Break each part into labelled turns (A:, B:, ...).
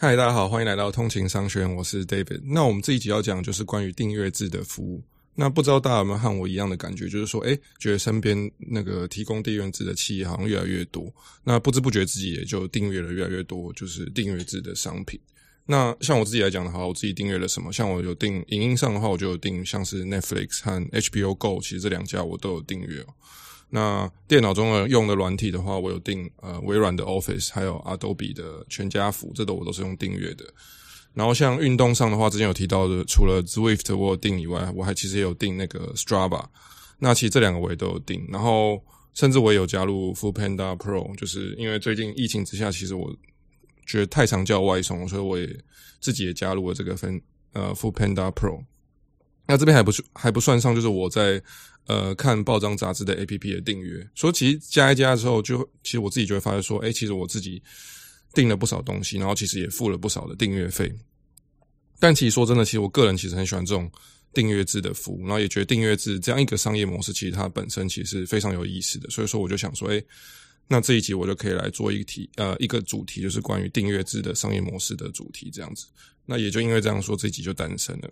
A: 嗨，Hi, 大家好，歡迎來到通勤商學院，我是 David。那我們這一集要講的就是關於訂閱制的服務。那不知道大家有沒有和我一樣的感覺，就是說，哎，覺得身邊那個提供訂閱制的企業好像越來越多。那不知不覺自己也就訂閱了越來越多，就是訂閱制的商品。那像我自己來講的話，我自己訂閱了什麼？像我有訂影音上的話，我就有訂像是 Netflix 和 HBO Go，其實這兩家我都有訂閱哦。那電腦中的用的軟體的話，我有訂呃微軟的 Office，還有 Adobe 的全家福，這都、個，我都是用訂閱的。然後像運動上的話，之前有提到的，除了 Zwift 我有訂以外，我還其實也有訂那個 Strava。那其實這兩個我也都有訂。然後甚至我也有加入 Food Panda Pro，就是因為最近疫情之下，其實我覺得太常叫外送，所以我也自己也加入了這個分呃 Food Panda Pro。那這邊還不還不算上，就是我在。呃，看報章雜誌的 APP 的訂閱，說其實加一加之後，就其實我自己就會發現說，哎，其實我自己訂了不少東西，然後其實也付了不少的訂閱費。但其實說真的，其實我個人其實很喜歡這種訂閱制的服務，然後也覺得訂閱制這樣一個商業模式，其實它本身其實是非常有意思的。所以說，我就想說，哎，那這一集我就可以來做一個題，呃，一個主題就是關於訂閱制的商業模式的主題這樣子。那也就因為這樣說，這一集就誕生了。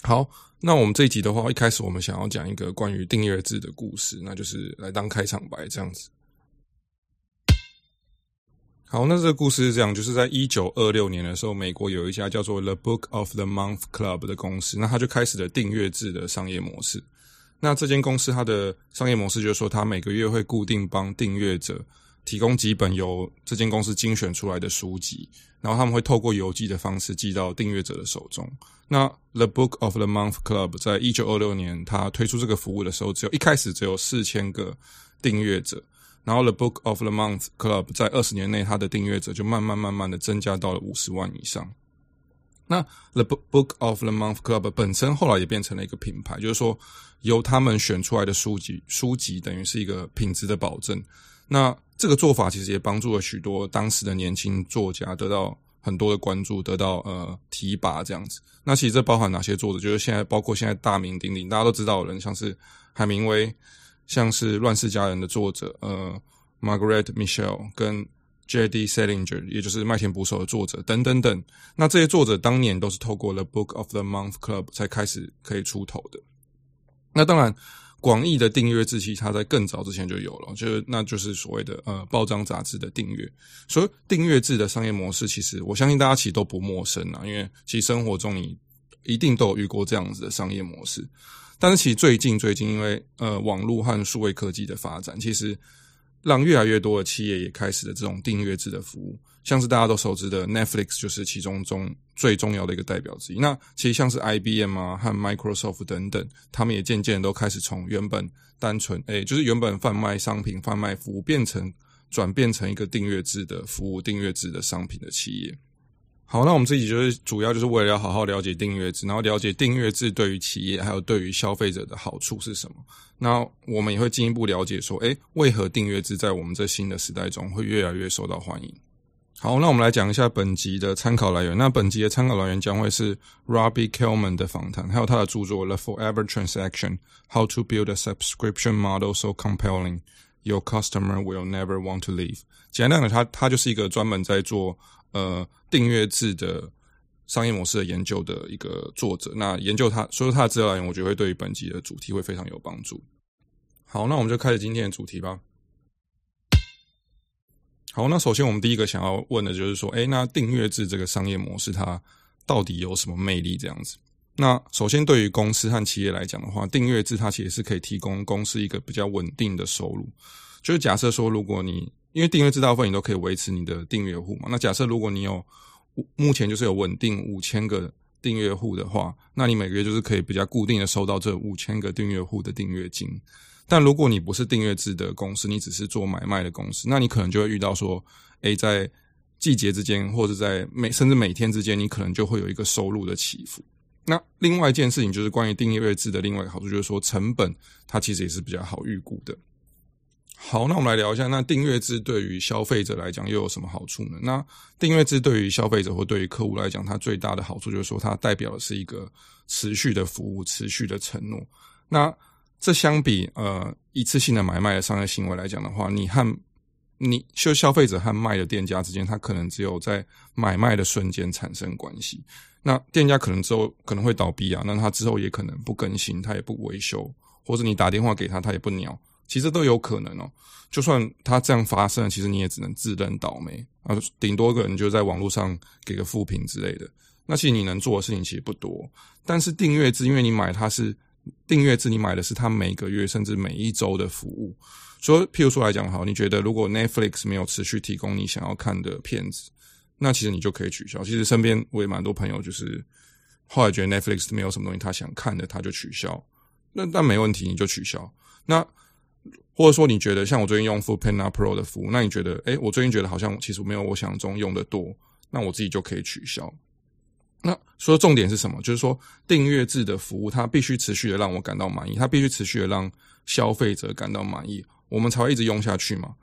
A: 好，那我們這一集的話，一開始我們想要講一個關於訂閱制的故事，那就是來當開場白這樣子。好，那這個故事是這樣，就是在一九二六年的時候，美國有一家叫做 The Book of the Month Club 的公司，那他就開始了訂閱制的商業模式。那這間公司它的商業模式就是說，它每個月會固定幫訂閱者提供幾本由這間公司精選出來的書籍。然後他們會透過郵寄的方式寄到訂閱者的手中。那 The Book of the Month Club 在一九二六年，他推出這個服務的時候，只有一開始只有四千個訂閱者。然後 The Book of the Month Club 在二十年內，他的訂閱者就慢慢慢慢的增加到了五十萬以上。那 The Book Book of the Month Club 本身後來也變成了一個品牌，就是說由他們選出來的書籍，書籍等於是一個品質的保證。那這個做法其實也幫助了許多當時的年輕作家得到很多的關注，得到呃提拔這樣子。那其實這包含哪些作者？就是現在包括現在大名鼎鼎大家都知道的人，像是海明威，像是《亂世佳人》的作者呃 Margaret Mitchell 跟 J.D. Salinger，也就是《麥田捕手》的作者等等等。那這些作者當年都是透過了《Book of the Month Club》才開始可以出頭的。
B: 那當然。
A: 廣義的訂閱制，其實它在更早之前就有了，就是那就是所謂的呃報章雜誌的訂閱。所以訂閱制的商業模式，其實我相信大家其實都不陌生啊，因為其實生活中你一定都有遇過這樣子的商業模式。但是其實最近最近，因為呃網絡和數位科技的發展，其實讓越來越多的企業也開始了這種訂閱制的服務。像是大家都熟知的 Netflix，就是其中中最重要的一個代表之一。那其實像是 IBM 啊和 Microsoft 等等，他們也漸漸都開始從原本單純哎，就是原本販賣商品、販賣服務，變成轉變成一個訂閱制的服務、訂閱制的商品的企業。好，那我們這集就是主要就是為了要好好了解訂閱制，然後了解訂閱制對於企業還有對於消費者的好處是什麼。那我們也會進一步了解說，哎，為何訂閱制在我們這新的時代中會越來越受到歡迎？好，那我們來講一下本集的參考來源。那本集的參考來源將會是 Robbie Kellman 的訪談，還有他的著作《The Forever Transaction: How to Build a Subscription Model So Compelling Your Customer Will Never Want to Leave》。簡單的，他他就是一個專門在做呃訂閱制的商業模式的研究的一個作者。那研究他，所以他的資料來源，我覺得會對於本集的主題會非常有幫助。好，那我們就開始今天的主題吧。好，那首先我們第一個想要問的就是說，誒、欸，那訂閱制這個商業模式它到底有什麼魅力？這樣子。那首先對於公司和企業來講的話，訂閱制它其實是可以提供公司一個比較穩定的收入。就是假設說，如果你因為訂閱制大部分你都可以維持你的訂閱戶嘛。那假設如果你有目前就是有穩定五千個訂閱戶的話，那你每個月就是可以比較固定的收到這五千個訂閱戶的訂閱金。但如果你不是訂閱制的公司，你只是做買賣的公司，那你可能就會遇到說，誒、欸，在季節之間，或者在每甚至每天之間，你可能就會有一個收入的起伏。那另外一件事情就是關於訂閱制的另外一個好處，就是說成本它其實也是比較好預估的。好，那我們來聊一下，那訂閱制對於消費者來講又有什麼好處呢？那訂閱制對於消費者或對於客戶來講，它最大的好處就是說，它代表的是一個持續的服務，持續的承諾。那這相比呃一次性的買賣的商業行為來講的話，你和你就消費者和賣的店家之間，他可能只有在買賣的瞬間產生關係。那店家可能之後可能會倒閉啊，那他之後也可能不更新，他也不維修，或者你打電話給他，他也不鳥，其實都有可能哦。就算他這樣發生了，其實你也只能自認倒霉啊，頂多一個人就在網絡上給個負評之類的。那其實你能做的事情其實不多，但是訂閱制，因為你買它是。訂閱制你買的是他每個月甚至每一周的服務。所以，譬如說來講，哈，你覺得如果 Netflix 沒有持續提供你想要看的片子，那其實你就可以取消。其實身邊我也蠻多朋友，就是後來覺得 Netflix 沒有什麼東西他想看的，他就取消。那但沒問題，你就取消。那或者說你覺得，像我最近用 foodpanda Pro 的服務，那你覺得，哎、欸，我最近覺得好像其實沒有我想中用得多，那我自己就可以取消。那說重點是什麼？就是說，訂閱制的服務，它必須持續的讓我感到滿意，它必須持續的讓消費者感到滿意，我們才會一直用下去嘛。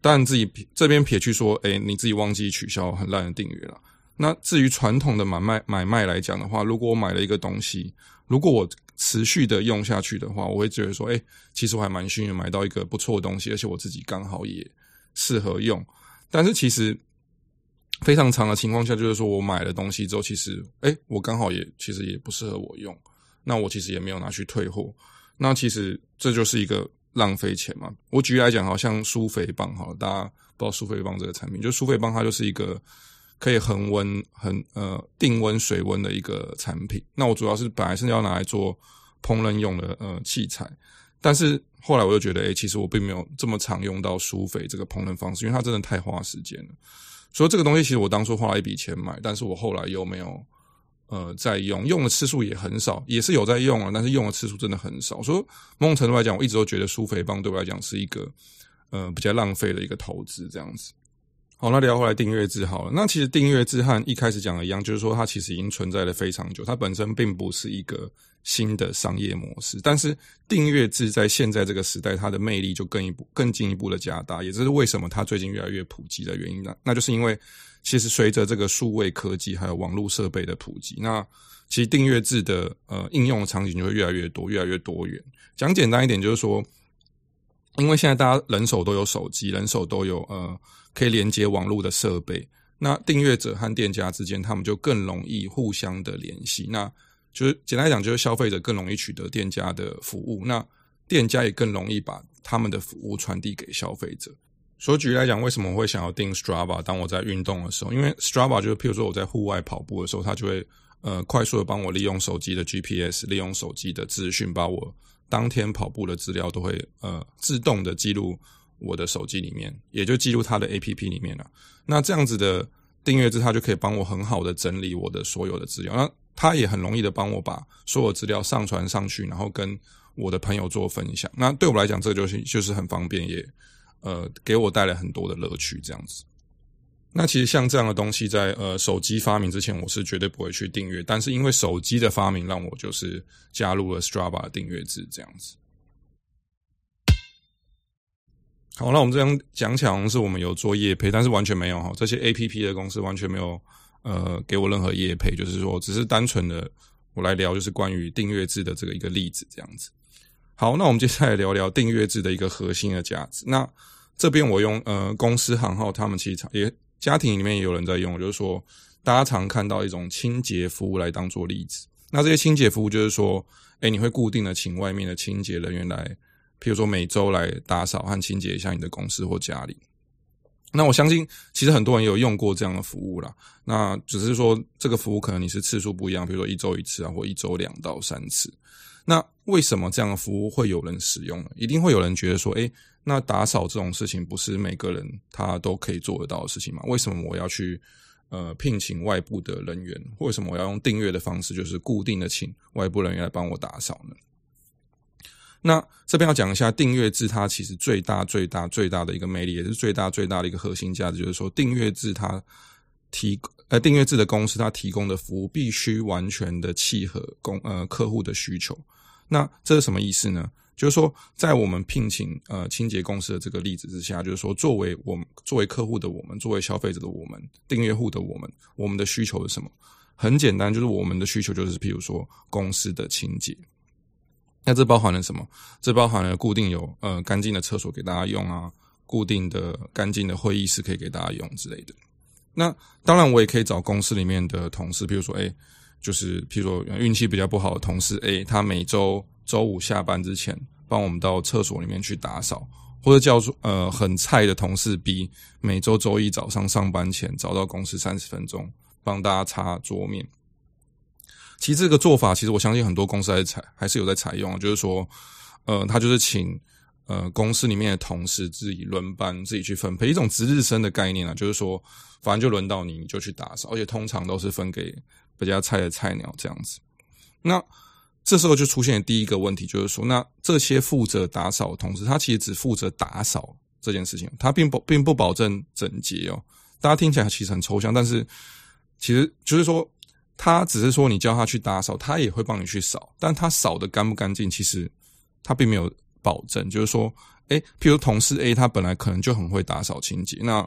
A: 但自己這邊撇去說，欸，你自己忘記取消很爛的訂閱了。那至於傳統的買賣買賣來講的話，如果我買了一個東西，如果我持續的用下去的話，我會覺得說，欸，其實我還蠻幸運買到一個不錯的東西，而且我自己剛好也適合用。但是其實。非常長的情況下，就是說我買了東西之後，其實，誒、欸、我剛好也其實也不適合我用，那我其實也沒有拿去退貨，那其實這就是一個浪費錢嘛。我舉例來講，好像舒肥棒，好了，大家不知道舒肥棒這個產品，就舒肥棒它就是一個可以恆溫、恆呃定溫水溫的一個產品。那我主要是本來是要拿來做烹飪用的呃器材，但是後來我又覺得，誒、欸、其實我並沒有這麼常用到舒肥這個烹飪方式，因為它真的太花時間了。所以這個東西其實我當初花了一筆錢買，但是我後來又沒有呃在用。用的次數也很少，也是有在用啊，但是用的次數真的很少。所以某種程度來講，我一直都覺得舒肥棒對我來講是一個呃比較浪費的一個投資，這樣子。好，那聊回來訂閱制好了。那其實訂閱制和一開始講的一樣，就是說它其實已經存在了非常久，它本身並不是一個新的商業模式，但是訂閱制在現在這個時代，它的魅力就更一步、更進一步的加大，也就是為什麼它最近越來越普及的原因呢？那就是因為，其實隨着這個數位科技還有網絡設備的普及，那其實訂閱制的呃應用的場景就會越來越多、越來越多元。講簡單一點，就是說，因為現在大家人手都有手機，人手都有呃可以連接網絡的設備，那訂閱者和店家之間，他們就更容易互相的聯繫。那就是簡單來講，就是消費者更容易取得店家的服務，那店家也更容易把他們的服務傳遞給消費者。所以舉例來講，為什麼我會想要訂 Strava？當我在運動的時候，因為 Strava 就是譬如說我在戶外跑步的時候，它就會呃快速的幫我利用手機的 GPS，利用手機的資訊，把我當天跑步的資料都會呃自動的記錄我的手機裡面，也就記錄它的 APP 裡面了啊。那這樣子的訂閱制，它就可以幫我很好的整理我的所有的資料。那他也很容易的幫我把所有資料上傳上去，然後跟我的朋友做分享。那對我來講，這就是就是很方便，也呃給我帶來很多的樂趣。這樣子。那其實像這樣的東西在、在呃手機發明之前，我是絕對不會去訂閱。但是因為手機的發明，讓我就是加入了 Strava 的訂閱制。這樣子。好，那我們這樣講起來，好像是我們有做業配，但是完全沒有哈。這些 A P P 的公司完全沒有。呃，給我任何業配，就是說，只是單純的我來聊，就是關於訂閱制的這個一個例子，這樣子。好，那我們接下來聊聊訂閱制的一個核心的價值。那這邊我用呃公司行號，他們其實也家庭裡面也有人在用，就是說大家常看到一種清潔服務來當做例子。那這些清潔服務就是說，哎、欸，你會固定的請外面的清潔人員來，譬如說每周來打掃和清潔一下你的公司或家裡。那我相信，其實很多人有用過這樣的服務啦。那只是說，這個服務可能你是次數不一樣，比如說一周一次啊，或一周兩到三次。那為什麼這樣的服務會有人使用呢？一定會有人覺得說，哎，那打掃這種事情不是每個人他都可以做得到的事情嘛？為什麼我要去呃聘請外部的人員，為什麼我要用訂閱的方式，就是固定的請外部人員來幫我打掃呢？那這邊要講一下訂閱制，它其實最大、最大、最大的一個魅力，也是最大、最大的一個核心價值，就是說訂閱制它提呃訂閱制的公司它提供的服務必須完全的契合公呃客戶的需求。那這是什麼意思呢？就是說，在我們聘請呃清潔公司的這個例子之下，就是說作為我們作為客戶的我們，作為消費者的我們，訂閱戶的我們，我們的需求是什麼？很簡單，就是我們的需求就是，譬如說公司的清潔。那、啊、這包含了什麼？這包含了固定有呃乾淨的廁所給大家用啊，固定的乾淨的會議室可以給大家用之類的。那當然我也可以找公司裡面的同事，比如說誒就是譬如說運氣比較不好的同事 A，他每周周五下班之前幫我們到廁所裡面去打掃，或者叫呃很菜的同事 B，每周周一早上上班前早到公司三十分鐘幫大家擦桌面。其實這個做法，其實我相信很多公司還是採還是有在採用啊，就是說，呃，他就是請呃公司裡面的同事自己輪班，自己去分配一種值日生的概念啊，就是說，反正就輪到你，你就去打掃，而且通常都是分給比較菜的菜鳥這樣子。
B: 那這時候就
A: 出現了第一個問題，就是說，那這些負責打掃的同事，他其實只負責打掃這件事情，他並不並不保證整潔哦。大家聽起來其實很抽象，但是其實就是說。他只是說你叫他去打掃，他也會幫你去掃，但他掃得乾不乾淨，其實他並沒有保證。就是說，哎，譬如同事 A，他本來可能就很會打掃清潔，那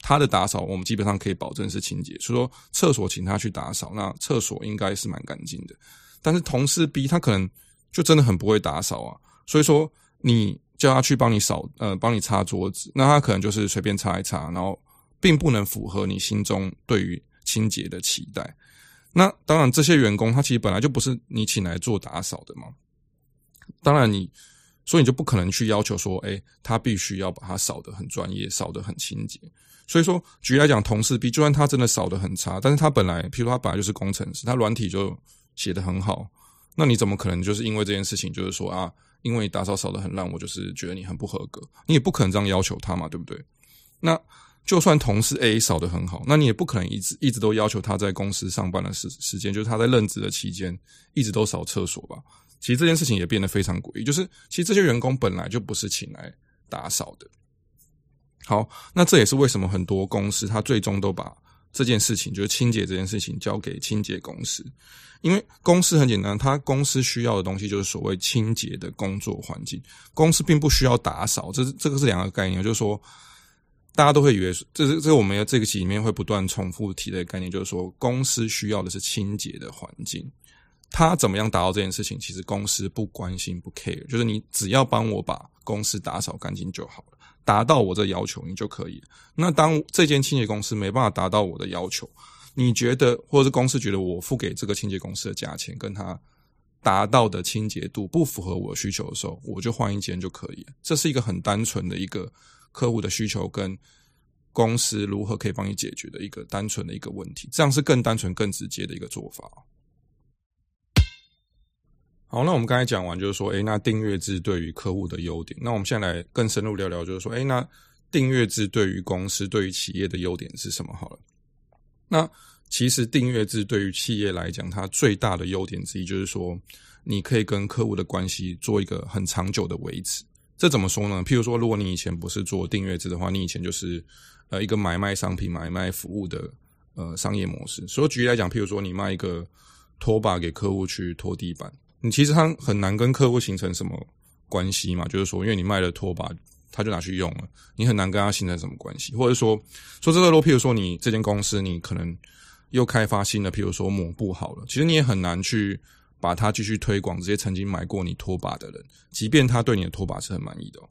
A: 他的打掃我們基本上可以保證是清潔，所以說廁所請他去打掃，那廁所應該是蠻乾淨的。但是同事 B，他可能就真的很不會打掃啊，所以說你叫他去幫你掃，呃，幫你擦桌子，那他可能就是隨便擦一擦，然後並不能符合你心中對於清潔的期待。那當然，這些員工他其實本來就不是你請來做打掃的嘛。當然你，所以你就不可能去要求說，哎、欸，他必須要把他掃得很專業，掃得很清潔。所以說，舉例來講，同事 B 就算他真的掃得很差，但是他本來，譬如他本來就是工程師，他軟體就寫得很好，那你怎麼可能就是因為這件事情，就是說啊，因為你打掃掃得很爛，我就是覺得你很不合格，你也不可能這樣要求他嘛，對不對？那。就算同事 A 掃得很好，那你也不可能一直一直都要求他在公司上班的時時間，就是他在任職的期間，一直都掃廁所吧？其實這件事情也變得非常詭異，就是其實這些員工本來就不是請來打掃的。好，那這也是為什麼很多公司他最終都把這件事情，就是清潔這件事情交給清潔公司，因為公司很簡單，他公司需要的東西就是所謂清潔的工作環境，公司並不需要打掃，這這個是兩個概念，就是說。大家都會以為，這是這個我們這個集裡面會不斷重複提的概念，就是說公司需要的是清潔的環境。他怎麼樣達到這件事情？其實公司不關心，不 care，就是你只要幫我把公司打掃乾淨就好了，達到我這個要求你就可以了。那當這間清潔公司沒辦法達到我的要求，你覺得，或者是公司覺得我付給這個清潔公司的價錢，跟他達到的清潔度不符合我的需求的時候，我就換一間就可以了。這是一個很單純的一個。客戶的需求跟公司如何可以幫你解決的一個單純的一個問題，這樣是更單純、更直接的一個做法。好，那我們剛才講完就是說，誒、欸，那訂閱制對於客戶的優點，那我們現在來更深入聊聊，就是說，誒、欸，那訂閱制對於公司、對於企業的優點是什麼？好了，那其實訂閱制對於企業來講，它最大的優點之一就是說，你可以跟客戶的關係做一個很長久的維持。這怎麼說呢？譬如說，如果你以前不是做訂閱制的話，你以前就是，呃，一個買賣商品、買賣服務的呃商業模式。所以舉例來講，譬如說，你賣一個拖把給客戶去拖地板，你其實它很難跟客戶形成什麼關係嘛。就是說，因為你賣了拖把，它就拿去用了，你很難跟他形成什麼關係。或者說，說這個如果譬如說，你這間公司你可能又開發新的，譬如說抹布好了，其實你也很難去，把它繼續推廣，這些曾經買過你拖把的人，即便他對你的拖把是很滿意的喔，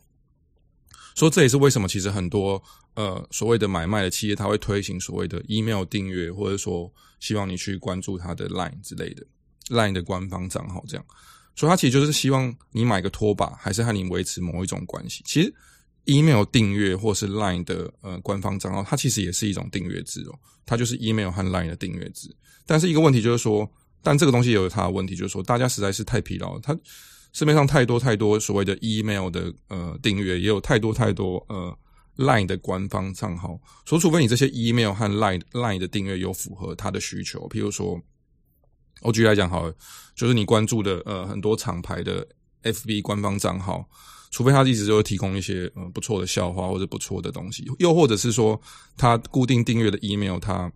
A: 所以這也是為什麼其實很多呃所謂的買賣的企業，他會推行所謂的 email 訂閱，或者說希望你去關注他的 line 之類的、嗯、line 的官方賬號，這樣，所以它其實就是希望你買個拖把，還是和你維持某一種關係。其實 email 訂閱或是 line 的呃官方賬號，它其實也是一種訂閱制哦、喔，它就是 email 和 line 的訂閱制。但是一個問題就是說。但這個東西也有它的問題，就是說大家實在是太疲勞了。它市面上太多太多所謂的 email 的呃訂閱，也有太多太多呃 line 的官方賬號。所以，除非你這些 email 和 line line 的訂閱有符合它的需求，譬如說，我舉例來講，好了，就是你關注的呃很多廠牌的 FB 官方賬號，除非它一直都會提供一些呃不錯的笑話或者是不錯的東西，又或者是說，它固定訂閱的 email 它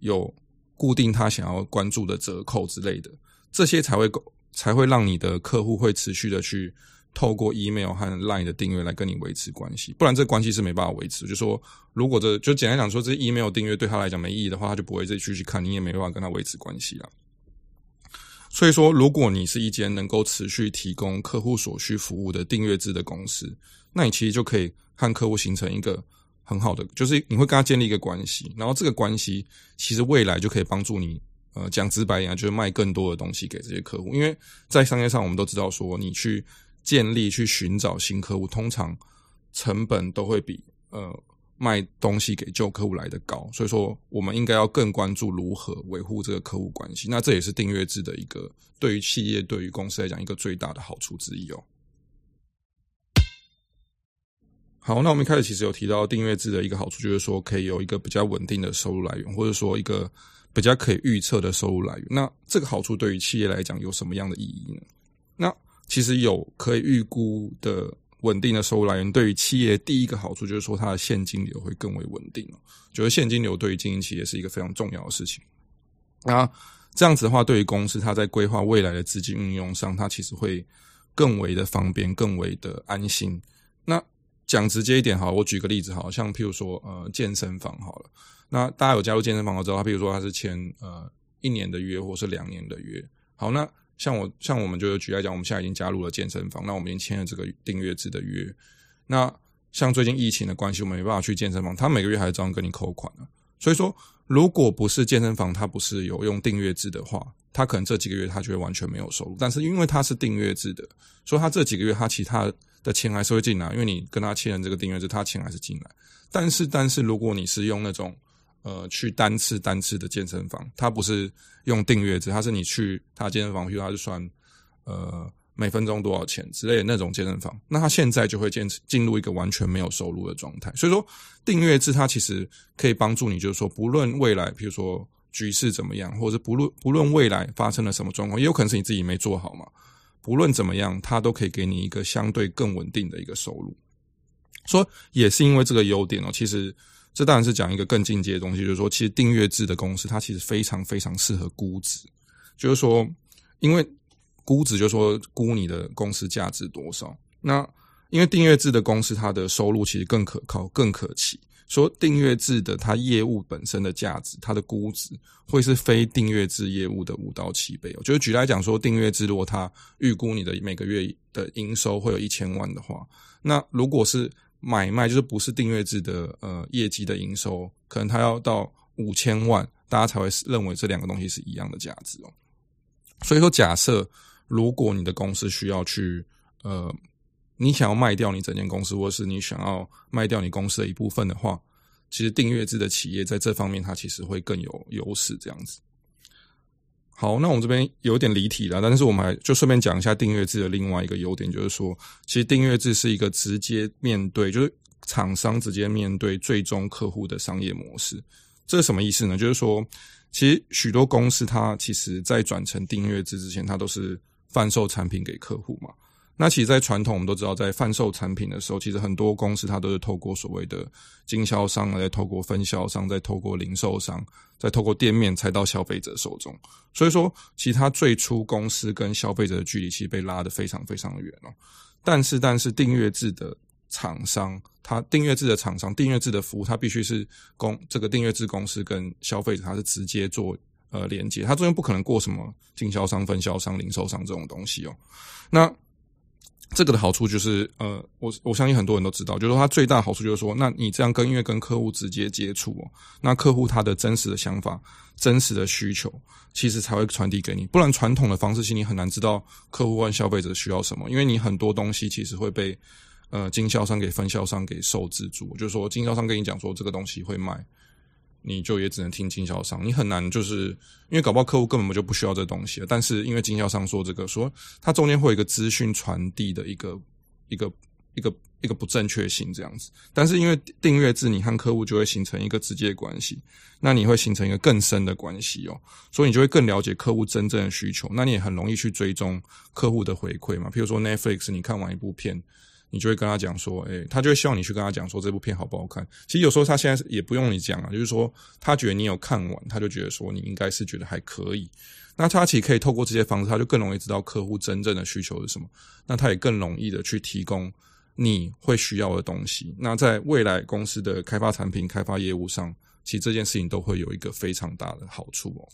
A: 有。固定他想要關注的折扣之類的，這些才會夠，才會讓你的客戶會持續的去透過 email 和 line 的訂閱來跟你維持關係，不然這關係是沒辦法維持。就說如果這就簡單講說，這 email 訂閱對他來講沒意義的話，他就不會再繼續看，你也沒辦法跟他維持關係了。所以說，如果你是一間能夠持續提供客戶所需服務的訂閱制的公司，那你其實就可以和客戶形成一個。很好的，就是你會跟他建立一個關係，然後這個關係其實未來就可以幫助你，呃，講直白一點，就是賣更多的東西給這些客戶。因為在商業上，我們都知道說，你去建立、去尋找新客戶，通常成本都會比呃賣東西給舊客戶來得高。所以說，我們應該要更關注如何維護這個客戶關係。那這也是訂閱制的一個對於企業、對於公司來講一個最大的好處之一哦。好，那我們一開始其實有提到訂閱制的一個好處，就是說可以有一個比較穩定的收入來源，或者說一個比較可以預測的收入來源。那這個好處對於企業來講有什麼樣的意義呢？那其實有可以預估的穩定的收入來源，對於企業第一個好處就是說它的現金流會更為穩定。覺得現金流對於經營企業是一個非常重要的事情。那這樣子的話，對於公司它在規劃未來的資金運用上，它其實會更為的方便，更為的安心。那講直接一點好，我舉個例子好，好像譬如說，呃，健身房好了，那大家有加入健身房之後，他譬如說他是簽呃一年的約或者是兩年的約。好，那像我像我們就舉例來講，我們現在已經加入了健身房，那我們已經簽了這個訂閱制的約。那像最近疫情的關係，我們沒辦法去健身房，他每個月還是照樣跟你扣款了啊。所以說，如果不是健身房，他不是有用訂閱制的話，他可能這幾個月他就會完全沒有收入。但是因為他是訂閱制的，所以他這幾個月他其他。的錢還是會進來，因為你跟他簽了這個訂閱制，他錢還是進來。但是，但是如果你是用那種呃去單次單次的健身房，他不是用訂閱制，他是你去他健身房，譬如他是算呃每分鐘多少錢之類的那種健身房，那他現在就會進入一個完全沒有收入的狀態。所以說，訂閱制它其實可以幫助你，就是說，不論未來比如說局勢怎麼樣，或者是不論不論未來發生了什麼狀況，也有可能是你自己沒做好嘛。無論怎麼樣，它都可以給你一個相對更穩定的一個收入。說也是因為這個優點哦，其實這當然是講一個更進階的東西，就是說，其實訂閱制的公司它其實非常非常適合估值，就是說，因為估值就是說估你的公司價值多少。那因為訂閱制的公司它的收入其實更可靠、更可期。說訂閱制的，它業務本身的價值，它的估值會是非訂閱制業務的五到七倍。我覺得舉例來講說，訂閱制如果它預估你的每個月的營收會有一千萬的話，那如果是買賣，就是不是訂閱制的呃業績的營收，可能它要到五千萬，大家才會認為這兩個東西是一樣的價值哦。所以說，假設如果你的公司需要去呃。你想要賣掉你整間公司，或是你想要賣掉你公司的一部分的話，其實訂閱制的企業在這方面它其實會更有優勢這樣子。好，那我們這邊有點離題了，但是我們來就順便講一下訂閱制的另外一個優點，就是說，其實訂閱制是一個直接面對，就是廠商直接面對最終客戶的商業模式。這是什麼意思呢？就是說，其實許多公司它其實在轉成訂閱制之前，它都是販售產品給客戶嘛。那其實，在傳統我們都知道，在販售產品的時候，其實很多公司它都是透過所謂的經銷商，再透過分銷商，再透過零售商，再透過店面，才到消費者手中。所以說，其實它最初公司跟消費者的距離，其實被拉得非常非常遠哦。但是，但是訂閱制的廠商，它訂閱制的廠商，訂閱制的服務，它必須是公這個訂閱制公司跟消費者，它是直接做呃連接，它中間不可能過什麼經銷商、分銷商、零售商這種東西哦。
B: 那
A: 這個的好處就是，呃，我我相信很多人都知道，就是說它最大的好處就是說，那你這樣跟因為跟客戶直接接觸哦，那客戶他的真實的想法、真實的需求，其實才會傳遞給你。不然，傳統的方式其實你很難知道客戶或消費者需要什麼，因為你很多東西其實會被呃經銷商給分銷商給受制住。就是說，經銷商跟你講說這個東西會賣。你就也只能聽經銷商，你很難，就是因為搞不好客戶根本就不需要這東西了。但是因為經銷商說這個，說它中間會有一個資訊傳遞的一個一個一個一個不正確性這樣子。但是因為訂閱制，你和客戶就會形成一個直接關係，那你會形成一個更深的關係哦。所以你就會更了解客戶真正的需求，那你也很容易去追蹤客戶的回饋嘛。譬如說 Netflix，你看完一部片。你就會跟他講說，哎、欸，他就會希望你去跟他講說，這部片好不好看？其實有時候他現在也不用你講啊，就是說他覺得你有看完，他就覺得說你應該是覺得還可以。那他其實可以透過這些方式，他就更容易知道客戶真正的需求是什麼。那他也更容易的去提供你會需要的東西。那在未來公司的開發產品、開發業務上，其實這件事情都會有一個非常大的好處哦。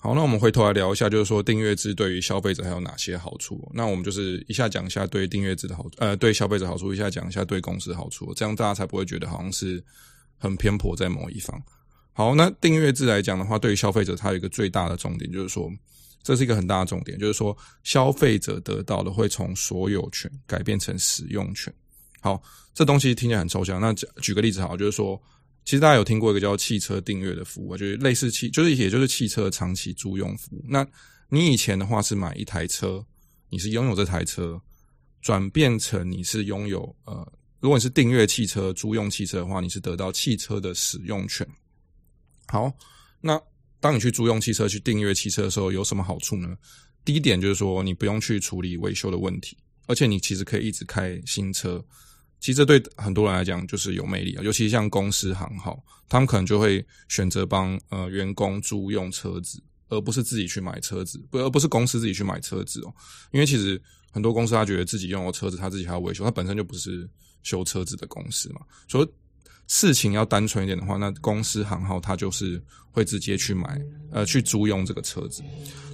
A: 好，那我們回頭來聊一下，就是說訂閱制對於消費者還有哪些好處，哦？那我們就是一下講一下對訂閱制的好處，呃，對消費者好處，一下講一下對公司的好處，哦，這樣大家才不會覺得好像是很偏頗在某一方。好，那訂閱制來講的話，對於消費者，它有一個最大的重點，就是說，這是一個很大的重點，就是說消費者得到的會從所有權改變成使用權。好，這東西聽起來很抽象，那舉個例子好，就是說。其實大家有聽過一個叫汽車訂閱的服務啊，就是類似汽，就是也就是汽車長期租用服務。那你以前的話是買一台車，你是擁有這台車，轉變成你是擁有呃，如果你是訂閱汽車租用汽車的話，你是得到汽車的使用權。好，那當你去租用汽車去訂閱汽車的時候，有什麼好處呢？第一點就是說，你不用去處理維修的問題，而且你其實可以一直開新車。其實這對很多人來講就是有魅力，尤其像公司行號，他們可能就會選擇幫呃員工租用車子，而不是自己去買車子，不而不是公司自己去買車子哦，因為其實很多公司他覺得自己用的車子他自己還要維修，他本身就不是修車子的公司嘛，所以。事情要單純一點的話，那公司行號他就是會直接去買，呃，去租用這個車子。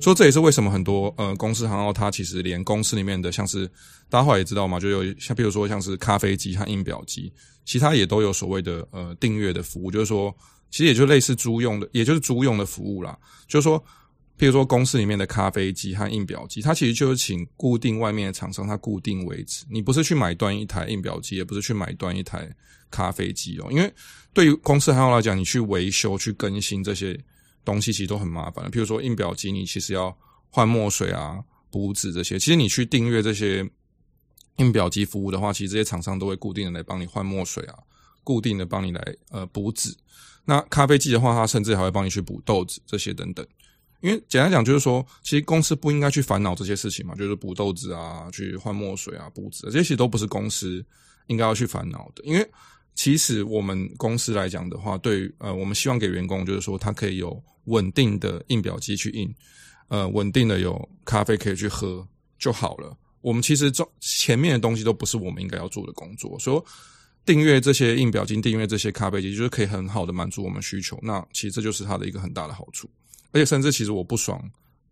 A: 所以這也是為什麼很多呃公司行號他其實連公司裡面的像是，大家後來也知道嘛，就有像比如說像是咖啡機和印表機，其他也都有所謂的呃訂閱的服務，就是說其實也就類似租用的，也就是租用的服務啦，就是說。譬如說，公司裡面的咖啡機和印表機，它其實就是請固定外面的廠商，它固定位置。你不是去買斷一台印表機，也不是去買斷一台咖啡機哦。因為對於公司還要來講，你去維修、去更新這些東西，其實都很麻煩。譬如說，印表機你其實要換墨水啊、補紙這些。其實你去訂閱這些印表機服務的話，其實這些廠商都會固定的來幫你換墨水啊，固定的幫你來呃補紙。那咖啡機的話，它甚至還會幫你去補豆子這些等等。因為簡單講，就是說，其實公司不應該去煩惱這些事情嘛，就是補豆子啊，去換墨水啊、補紙啊，這些其實都不是公司應該要去煩惱的。因為其實我們公司來講的話，對於，呃，我們希望給員工就是說，他可以有穩定的印表機去印，呃，穩定的有咖啡可以去喝就好了。我們其實做前面的東西都不是我們應該要做的工作。所以說訂閱這些印表機，訂閱這些咖啡機，就是可以很好的滿足我們需求。那其實這就是它的一個很大的好處。而且甚至其實我不爽，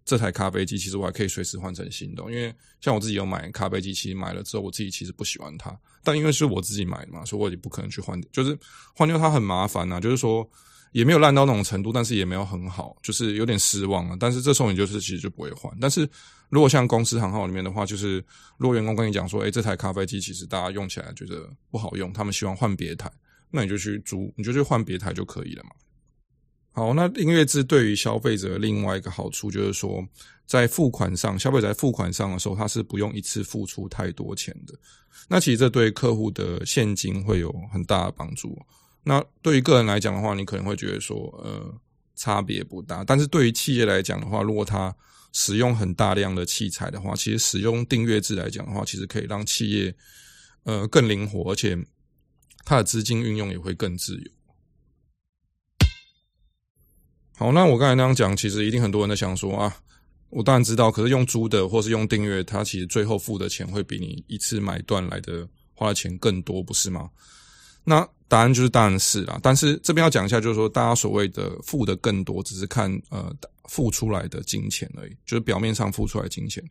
A: 這台咖啡機其實我還可以隨時換成新的。因為像我自己有買咖啡機，其實買了之後我自己其實不喜歡它，但因為是我自己買的嘛，所以我也不可能去換。就是換掉它很麻煩吶、啊，就是說也沒有爛到那種程度，但是也沒有很好，就是有點失望了、啊。但是這時候你就是其實就不會換。但是如果像公司行號裡面的話，就是如果員工跟你講說，哎，這台咖啡機其實大家用起來覺得不好用，他們喜歡換別台，那你就去租，你就去換別台就可以了嘛。好，那訂閱制對於消費者另外一個好處就是說，在付款上，消費者在付款上的時候，他是不用一次付出太多錢的。那其實這對客戶的現金會有很大的幫助。那對於個人來講的話，你可能會覺得說，呃，差別不大。但是對於企業來講的話，如果他使用很大量的器材的話，其實使用訂閱制來講的話，其實可以讓企業呃更靈活，而且他的資金運用也會更自由。好，那我剛才那樣講，其實一定很多人都想說啊，我當然知道，可是用租的或是用訂閱，它其實最後付的錢會比你一次買斷來的花的錢更多，不是嗎？那答案就是當然是啦、啊，但是這邊要講一下，就是說大家所謂的付的更多，只是看呃付出來的金錢而已，就是表面上付出來的金錢，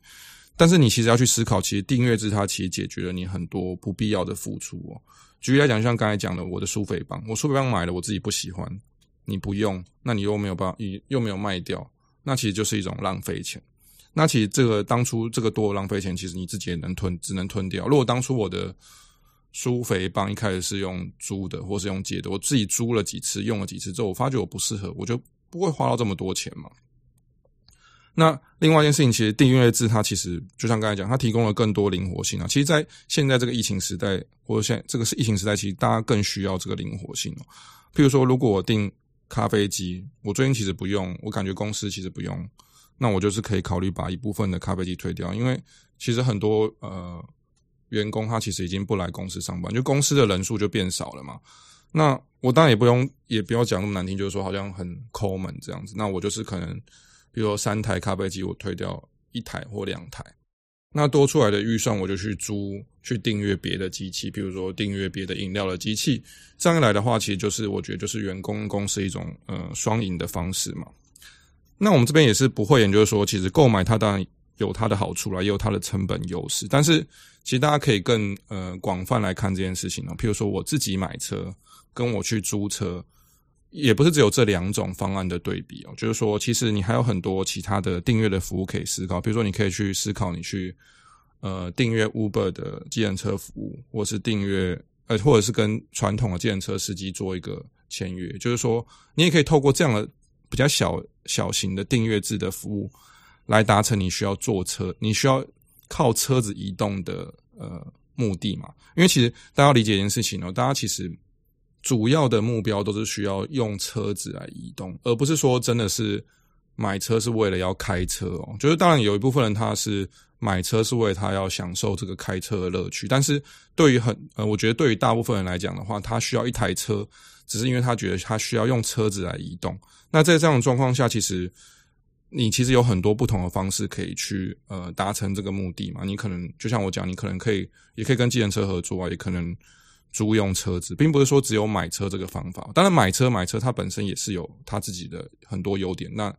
A: 但是你其實要去思考，其實訂閱制它其實解決了你很多不必要的付出哦。舉例來講，就像剛才講的，我的，我的舒肥棒，我舒肥棒買了，我自己不喜歡。你不用，那你又沒有辦法，你又沒有賣掉，那其實就是一種浪費錢。那其實這個當初這個多浪費錢，其實你自己也能吞，只能吞掉。如果當初我的舒肥棒一開始是用租的，或是用借的，我自己租了幾次，用了幾次之後，我發覺我不適合，我就不會花到這麼多錢嘛。
B: 那另外一件事
A: 情，其實訂閱制它其實就像剛才講，它提供了更多靈活性啊。其實，在現在這個疫情時代，或者現在這個是疫情時代，其實大家更需要這個靈活性喔。譬如說，如果我訂。咖啡機，我最近其實不用，我感覺公司其實不用，那我就是可以考慮把一部分的咖啡機退掉，因為其實很多呃員工他其實已經不來公司上班，就公司的人數就變少了嘛。那我當然也不用，也不要講那麼難聽，就是說好像很摳門這樣子。那我就是可能，比如說三台咖啡機，我退掉一台或兩台。那多出來的預算，我就去租，去訂閱別的機器，比如說訂閱別的飲料的機器。這樣一來的話，其實就是我覺得就是員工公司是一種呃雙贏的方式嘛。那我們這邊也是不會，就是說，其實購買它當然有它的好處啦，也有它的成本優勢。但是其實大家可以更呃廣泛來看這件事情呢，哦。譬如說我自己買車，跟我去租車。也不是只有這兩種方案的對比哦，就是說，其實你還有很多其他的訂閱的服務可以思考。比如說，你可以去思考你去呃訂閱 Uber 的計程車服務，或者是訂閱呃，或者是跟傳統的計程車司機做一個簽約。就是說，你也可以透過這樣的比較小小型的訂閱制的服務，來達成你需要坐車、你需要靠車子移動的呃目的嘛。因為其實大家要理解一件事情哦，大家其實。主要的目標都是需要用車子來移動，而不是說真的是買車是為了要開車哦。就是當然有一部分人他是買車是為了他要享受這個開車的樂趣，但是對於很呃，我覺得對於大部分人來講的話，他需要一台車，只是因為他覺得他需要用車子來移動。那在這樣的狀況下，其實你其實有很多不同的方式可以去呃達成這個目的嘛。你可能就像我講，你可能可以也可以跟計程車合作啊，也可能。租用車子，並不是說只有買車這個方法。當然，買車買車它本身也是有它自己的很多優點。那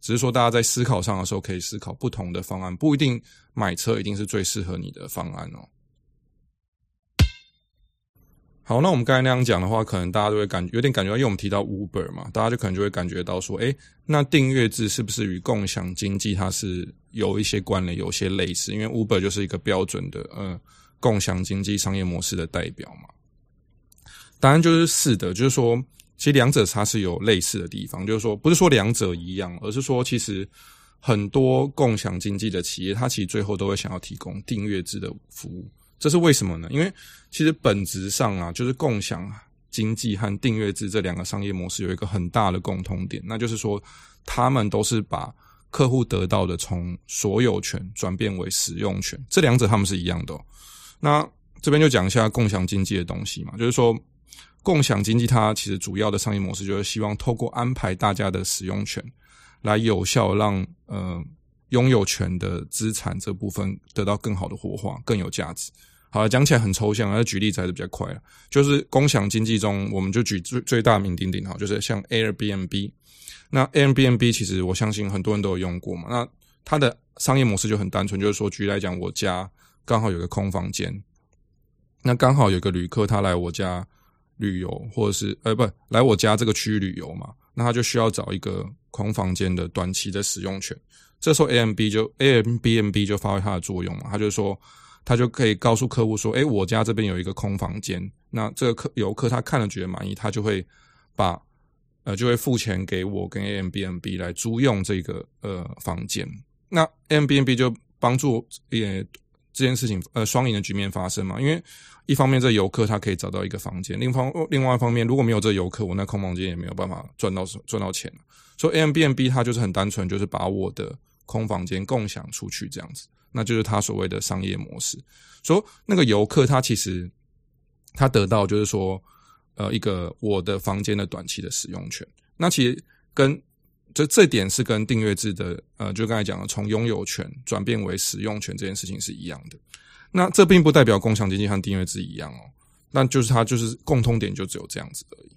A: 只是說，大家在思考上的時候，可以思考不同的方案，不一定買車一定是最適合你的方案哦。好，那我們剛才那樣講的話，可能大家都會感有點感覺到，因為我們提到 Uber 嘛，大家就可能就會感覺到說，哎、欸，那訂閱制是不是與共享經濟它是有一些關聯、有些類似？因為 Uber 就是一個標準的，嗯、呃。共享經濟商業模式的代表嘛？答案就是是的。就是說，其實兩者它是有類似的地方，就是說，不是說兩者一樣，而是說，其實很多共享經濟的企業，它其實最後都會想要提供訂閱制的服務。這是為什麼呢？因為其實本質上啊，就是共享經濟和訂閱制這兩個商業模式有一個很大的共通點，那就是說，他們都是把客戶得到的從所有權轉變為使用權。這兩者他們是一樣的、哦。那這邊就講一下共享經濟的東西嘛，就是說，共享經濟它其實主要的商業模式就是希望透過安排大家的使用權，來有效讓呃擁有權的資產這部分得到更好的活化，更有價值。好了，講起來很抽象，要舉例子還是比較快了。就是共享經濟中，我們就舉最最大名鼎鼎哈，就是像 Airbnb。那 Airbnb 其實我相信很多人都有用過嘛。
B: 那它
A: 的商業模式就很單純，就是說，舉例來講，我家。剛好有個空房間，那剛好有個旅客，他來我家旅遊，或者是呃不來我家這個區域旅遊嘛，那他就需要找一個空房間的短期的使用權。這時候 Airbnb 就 Airbnb 就發揮它的作用嘛，他就是說他就可以告訴客戶說，哎，我家這邊有一個空房間，那這個客遊客他看了覺得滿意，他就會把呃就會付錢給我跟 Airbnb 來租用這個呃房間，那 Airbnb 就幫助也。呃這件事情，呃，雙贏的局面發生嘛。因為一方面這遊客他可以找到一個房間，另方，哦，另外一方面如果沒有這遊客，我那空房間也沒有辦法賺到賺到錢。所以 Airbnb 它，就是很單純，就是把我的空房間共享出去這樣子，那就是它所謂的商業模式。所以那個遊客他其實他得到就是說，呃，一個我的房間的短期的使用權。那其實跟這這點是跟訂閱制的，呃，就剛才講的從擁有權轉變為使用權這件事情是一樣的。那這並不代表共享經濟和訂閱制一樣哦，那就是它就是共通點就只有這樣子而已。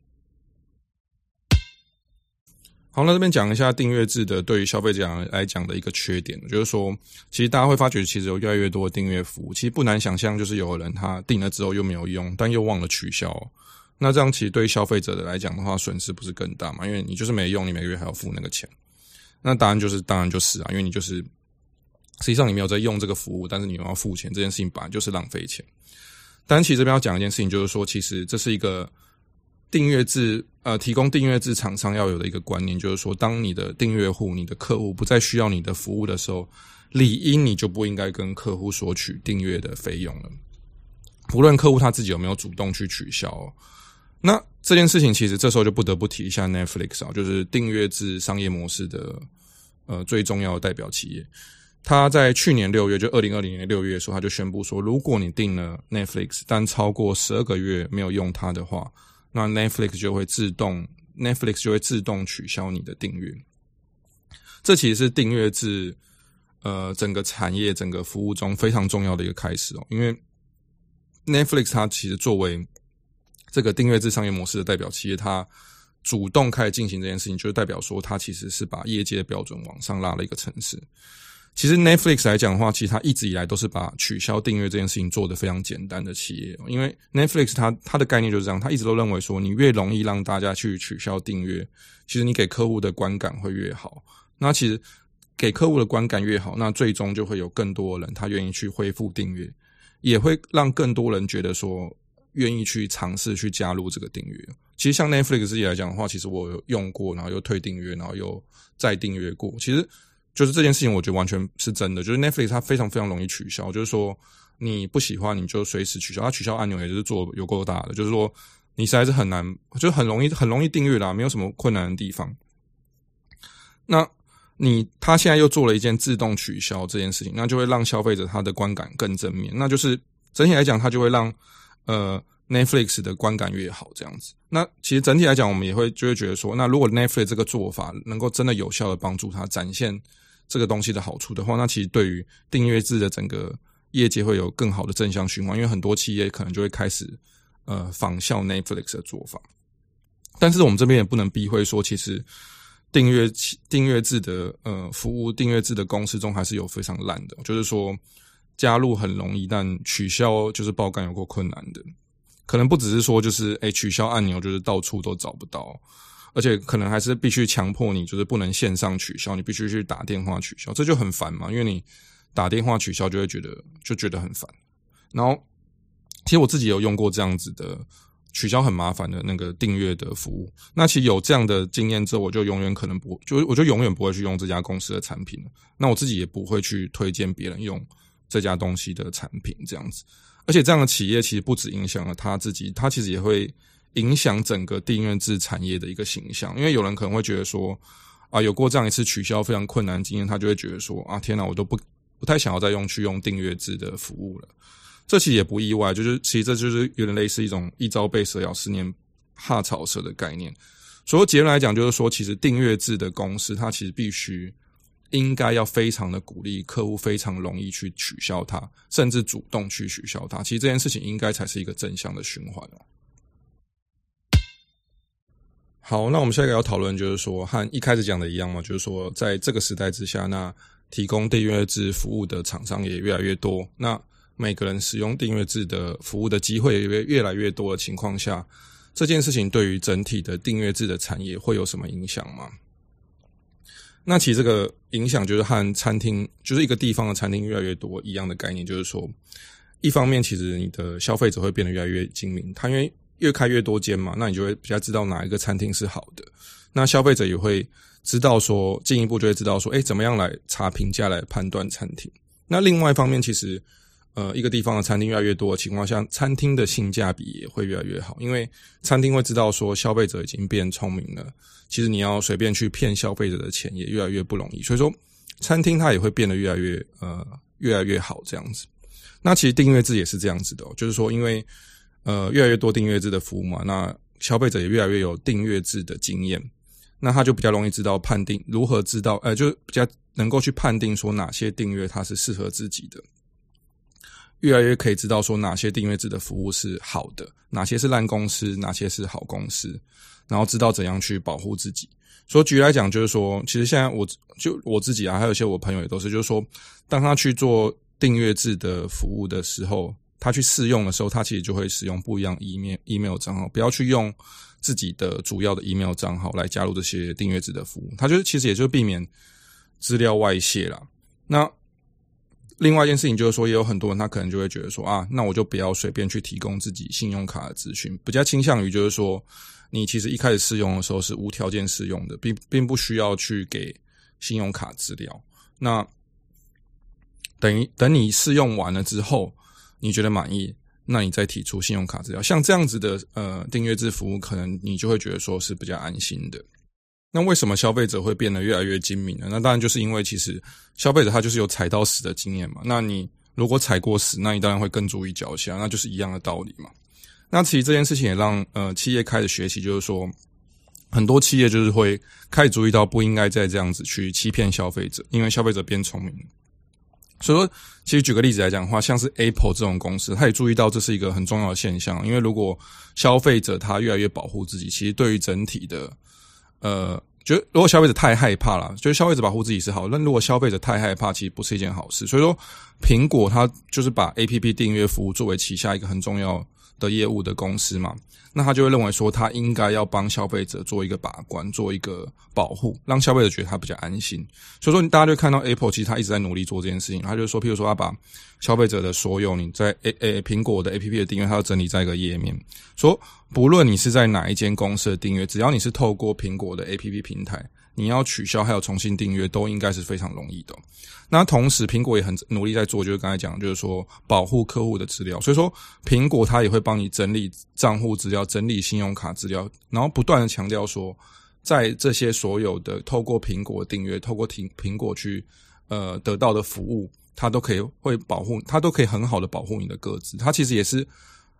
A: 好，那這邊講一下訂閱制的對於消費者來講的一個缺點，就是說，其實大家會發覺，其實有越來越多的訂閱服務，其實不難想象，就是有的人他訂了之後又沒有用，但又忘了取消哦。那這樣其實對於消費者的來講的話，損失不是更大嘛？因為你就是沒用，你每個月還要付那個錢。那當然就是當然就是啊，因為你就是實際上你沒有在用這個服務，但是你又要付錢，這件事情本來就是浪費錢。但是其實這邊要講一件事情，就是說，其實這是一個訂閱制呃，提供訂閱制廠商要有的一個觀念，就是說，當你的訂閱戶、你的客戶不再需要你的服務的時候，理應你就不應該跟客戶索取訂閱的費用了，無論客戶他自己有沒有主動去取消。那這件事情，其實這時候就不得不提一下 Netflix 啊、哦，就是訂閱制商業模式的呃最重要的代表企業。他在去年六月，就二零二零年六月的時候，他就宣布說，如果你訂了 Netflix，但超過十二個月沒有用它的話，那 Netflix 就會自動 Netflix 就會自動取消你的訂閱。這其實是訂閱制呃整個產業整個服務中非常重要的一個開始哦，因為 Netflix 它其實作為這個訂閱制商業模式的代表企業，它主動開始進行這件事情，就是代表說它其實是把業界的標準往上拉了一個層次。其實 Netflix 來講的話，其實它一直以來都是把取消訂閱這件事情做得非常簡單的企業，因為 Netflix 他他的概念就是這樣，他一直都認為說，你越容易讓大家去取消訂閱，其實你給客戶的觀感會越好。那其實給客戶的觀感越好，那最終就會有更多人他願意去恢復訂閱，也會讓更多人覺得說。願意去嘗試去加入這個訂閱，其實像 Netflix 自己來講的話，其實我有用過，然後又退訂閱，然後又再訂閱過。其實就是這件事情，我覺得完全是真的。就是 Netflix 它非常非常容易取消，就是說你不喜歡你就隨時取消，它取消按鈕也是做有夠大的，就是說你實在是很難，就很容易很容易訂閱啦，沒有什麼困難的地方。那你他現在又做了一件自動取消這件事情，那就會讓消費者他的觀感更正面，那就是整體來講，它就會讓。呃，Netflix 的觀感越好，這樣子。那其實整體來講，我們也會就會覺得說，那如果 Netflix 這個做法能夠真的有效地幫助它展現這個東西的好處的話，那其實對於訂閱制的整個業界會有更好的正向循環。因為很多企業可能就會開始呃仿效 Netflix 的做法，但是我們這邊也不能避諱說，其實訂閱訂閱制的呃服務，訂閱制的公司中還是有非常爛的，就是說，加入很容易，但取消就是爆肝有夠困難的，可能不只是說就是誒、欸、取消按鈕就是到處都找不到，而且可能還是必須強迫你就是不能線上取消，你必須去打電話取消，這就很煩嘛。因為你打電話取消就會覺得就覺得很煩。然後其實我自己有用過這樣子的取消很麻煩的那個訂閱的服務，那其實有這樣的經驗之後，我就永遠可能不就我就永遠不會去用這家公司的產品了，那我自己也不會去推薦別人用。這家東西的產品這樣子，而且這樣的企業其實不止影響了他自己，他其實也會影響整個訂閱制產業的一個形象。因為有人可能會覺得說，啊，有過這樣一次取消非常困難經驗，他就會覺得說，啊，天哪，我都不不太想要再用去用訂閱制的服務了。這其實也不意外，就是其實這就是有點類似一種一朝被蛇咬，十年怕草蛇的概念。所以結論來講，就是說，其實訂閱制的公司，它其實必須。應該要非常的鼓勵客戶，非常容易去取消它，甚至主動去取消它。其實這件事情應該才是一個正向的循環。好，那我們下一個要討論就是說，和一開始講的一樣嘛，就是說，在這個時代之下，那提供訂閱制服務的廠商也越來越多，那每個人使用訂閱制的服務的機會也越來越多的情況下，這件事情對於整體的訂閱制的產業會有什麼影響嗎？那其實這個影響就是和餐廳，就是一個地方的餐廳越來越多一樣的概念，就是說，一方面其實你的消費者會變得越來越精明，他因為越開越多間嘛，那你就會比較知道哪一個餐廳是好的，那消費者也會知道說，進一步就會知道說，欸，怎麼樣來查評價來判斷餐廳。那另外一方面其實。呃，一個地方的餐廳越來越多的情況下，餐廳的性價比也會越來越好，因為餐廳會知道說消費者已經變聰明了，其實你要隨便去騙消費者的錢也越來越不容易，所以說餐廳它也會變得越來越呃越來越好這樣子。那其實訂閱制也是這樣子的哦，就是說因為呃越來越多訂閱制的服務嘛，那消費者也越來越有訂閱制的經驗，那他就比較容易知道判定如何知道，呃，就比較能夠去判定說哪些訂閱它是適合自己的。越來越可以知道說哪些訂閱制的服務是好的，哪些是爛公司，哪些是好公司，然後知道怎樣去保護自己。所以舉例來講，就是說，其實現在我就我自己啊，還有一些我朋友也都是，就是說，當他去做訂閱制的服務的時候，他去試用的時候，他其實就會使用不一樣 email email 賬號，不要去用自己的主要的 email 賬號來加入這些訂閱制的服務。他就是其實也就避免資料外泄啦。那。另外一件事情就是說，也有很多人他可能就會覺得說啊，那我就不要隨便去提供自己信用卡的資訊，比較傾向於就是說，你其實一開始試用的時候是無條件試用的，並並不需要去給信用卡資料。那等於等你試用完了之後，你覺得滿意，那你再提出信用卡資料。像這樣子的呃訂閱制服務，可能你就會覺得說是比較安心的。那為什麼消費者會變得越來越精明呢？那當然就是因為其實消費者他就是有踩到屎的經驗嘛。那你如果踩過屎，那你當然會更注意腳下，那就是一樣的道理嘛。那其實這件事情也讓呃企業開始學習，就是說很多企業就是會開始注意到不應該再這樣子去欺騙消費者，因為消費者變聰明了。所以說，其實舉個例子來講的話，像是 Apple 這種公司，他也注意到這是一個很重要的現象，因為如果消費者他越來越保護自己，其實對於整體的。呃，覺得如果消費者太害怕了，覺得消費者保護自己是好，但如果消費者太害怕，其實不是一件好事。所以說，蘋果它就是把 APP 訂閱服務作為旗下一個很重要。的業務的公司嘛，那他就會認為說，他應該要幫消費者做一個把關，做一個保護，讓消費者覺得他比較安心。所以說，大家就看到 Apple，其實他一直在努力做這件事情。他就說，譬如說，他把消費者的所有你在 A A 蘋果的 APP 的訂閱，他要整理在一個頁面，說不論你是在哪一間公司的訂閱，只要你是透過蘋果的 APP 平台。你要取消還有重新訂閱都應該是非常容易的。那同時，蘋果也很努力在做，就是剛才講的，就是說保護客戶的資料。所以說，蘋果它也會幫你整理賬戶資料、整理信用卡資料，然後不斷的強調說，在這些所有的透過蘋果訂閱、透過蘋蘋果去呃得到的服務，它都可以會保護，它都可以很好的保護你的個資。它其實也是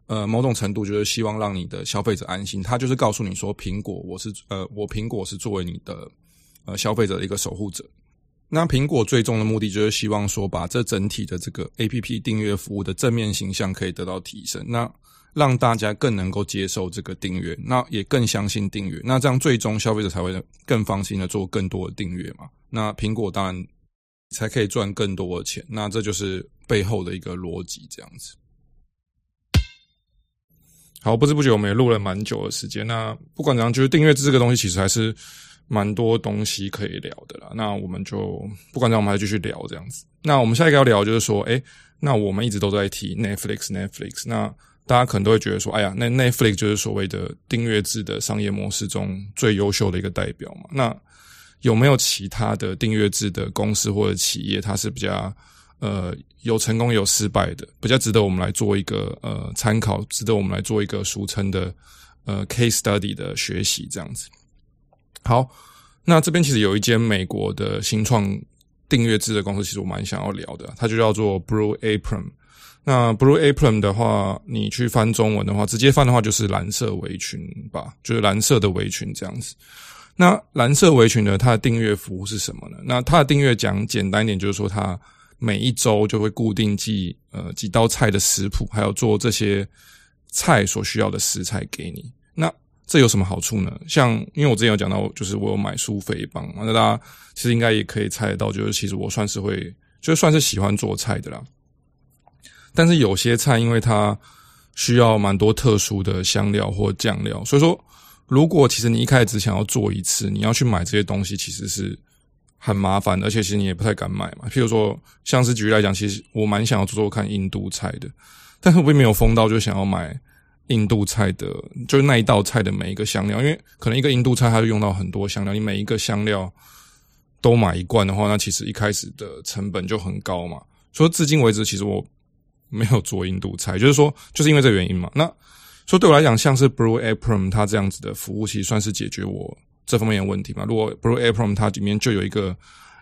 A: 呃某種程度就是希望讓你的消費者安心。它就是告訴你說，蘋果我是呃，我蘋果是作為你的。呃，消費者的一個守護者。那蘋果最終的目的就是希望說，把這整體的這個 APP 訂閱服務的正面形象可以得到提升，那讓大家更能夠接受這個訂閱，那也更相信訂閱，那這樣最終消費者才會更放心的做更多的訂閱嘛。那蘋果當然才可以賺更多的錢，那這就是背後的一個邏輯，這樣子。好，不知不覺我們也錄了蠻久的時間。那不管怎樣，就是訂閱制這個東西，其實還是。蠻多東西可以聊的啦，那我們就不管怎樣，我們還繼續聊這樣子。那我們下一個要聊就是說，哎、欸，那我們一直都在提 Netflix，Netflix，那大家可能都會覺得說，哎呀，那 Netflix 就是所謂的訂閱制的商業模式中最優秀的一個代表嘛。那有沒有其他的訂閱制的公司或者企業，它是比較呃有成功有失敗的，比較值得我們來做一個呃參考，值得我們來做一個俗稱的呃 case study 的學習這樣子？好，那這邊其實有一間美國的新創訂閱制的公司，其實我蠻想要聊的，它就叫做 Blue Apron。那 Blue Apron 的話，你去翻中文的話，直接翻的話就是藍色圍裙吧，就是藍色的圍裙這樣子。那藍色圍裙呢，它的訂閱服務是什麼呢？那它的訂閱講簡單一點，就是說它每一周就會固定寄呃幾道菜的食譜，還有做這些菜所需要的食材給你。那這有什麼好處呢？像，因為我之前有講到，就是我有買舒肥棒，那大家其實應該也可以猜得到，就是其實我算是會，就算是喜歡做菜的啦。但是有些菜，因為它需要蠻多特殊的香料或醬料，所以說，如果其實你一開始只想要做一次，你要去買這些東西，其實是很麻煩的，而且其實你也不太敢買嘛。譬如說，像是舉例來講，其實我蠻想要做做看印度菜的，但是我並沒有瘋到就想要買。印度菜的就是那一道菜的每一個香料，因為可能一個印度菜，它就用到很多香料。你每一個香料都買一罐的話，那其實一開始的成本就很高嘛。所以至今為止，其實我沒有做印度菜，就是說就是因為這個原因嘛。那所以對我來講，像是 Blue Apron 它這樣子的服務，其實算是解決我這方面的問題嘛。如果 Blue Apron 它裡面就有一個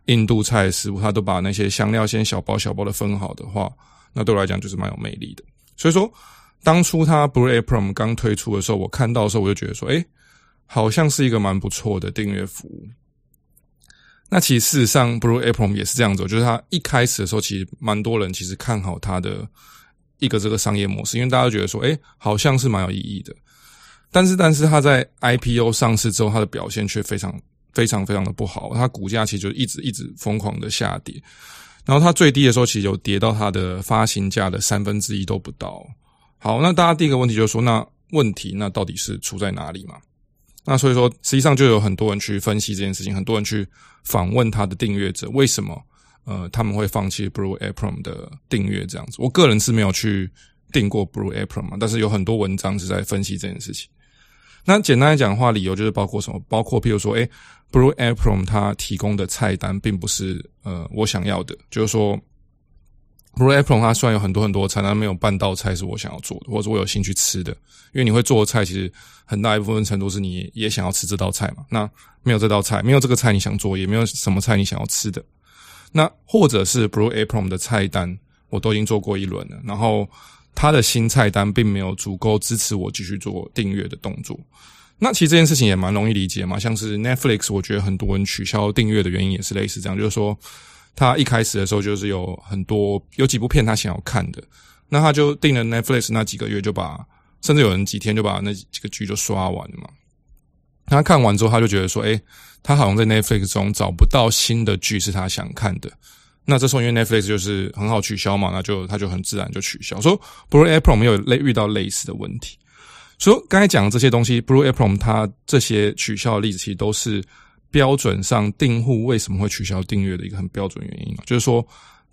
A: 印度菜的食物，它都把那些香料先小包小包的分好的話，那對我來講就是蠻有魅力的。所以說。當初它 Blue Apron 剛推出的時候，我看到的時候，我就覺得說：“哎，好像是一個蠻不錯的訂閱服務。”那其實事實上 Blue Apron 也是這樣子，就是它一開始的時候，其實蠻多人其實看好它的一個這個商業模式，因為大家都覺得說：“哎，好像是蠻有意義的。”但是，但是它在 IPO 上市之後，它的表現卻非常、非常、非常的不好。它股價其實就一直、一直瘋狂的下跌，然後它最低的時候，其實有跌到它的發行價的三分之一都不到。好，那大家第一個問題就是說，那問題那到底是出在哪裡嘛？那所以說，實際上就有很多人去分析這件事情，很多人去訪問他的訂閱者，為什麼呃他們會放棄 Blue Apron 的訂閱這樣子？我個人是沒有去訂過 Blue Apron 嘛，但是有很多文章是在分析這件事情。那簡單來講的話，理由就是包括什麼？包括譬如說，哎，欸，Blue Apron 他提供的菜單並不是呃我想要的，就是說。Blue Apron，它雖然有很多很多菜，但沒有半道菜是我想要做的，或者我有興趣吃的。因為你會做的菜，其實很大一部分程度是你也想要吃這道菜嘛。那沒有這道菜，沒有這個菜你想做，也沒有什麼菜你想要吃的。那或者是 Blue Apron 的菜單我都已經做過一輪了，然後它的新菜單並沒有足夠支持我繼續做訂閱的動作。那其實這件事情也蠻容易理解嘛，像是 Netflix，我覺得很多人取消訂閱的原因也是類似這樣，就是說。他一開始的時候就是有很多有幾部片他想要看的，那他就訂了 Netflix 那幾個月就把，甚至有人幾天就把那幾個劇就刷完了嘛。他看完之後他就覺得說，哎、欸，他好像在 Netflix 中找不到新的劇是他想看的。那這時候因為 Netflix 就是很好取消嘛，那就他就很自然就取消。說，Blue Apron 沒有類遇到類似的問題。所以說，剛才講的這些東西，Blue Apron 他這些取消的例子其實都是。標準上訂戶為什麼會取消訂閱的一個很標準原因啊，就是說，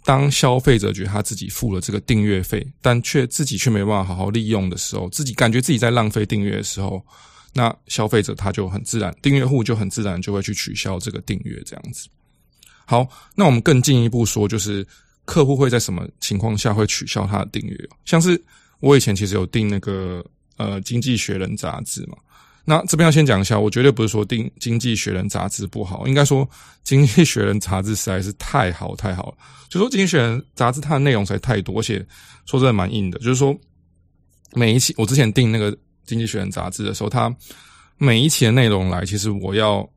A: 當消費者覺得他自己付了這個訂閱費，但卻自己卻沒辦法好好利用的時候，自己感覺自己在浪費訂閱的時候，那消費者他就很自然，訂閱戶就很自然就會去取消這個訂閱這樣子。好，那我們更進一步說，就是客戶會在什麼情況下會取消他的訂閱啊？像是我以前其實有訂那個呃《經濟學人》雜誌嘛。那這邊要先講一下，我絕對不是說訂《經濟學人》雜誌不好，應該說《經濟學人》雜誌實在是太好太好了。就說《經濟學人》雜誌它的內容實在太多，而且說真的蠻硬的。就是說每一期，我之前訂那個《經濟學人》雜誌的時候，它每一期的內容來，其實我要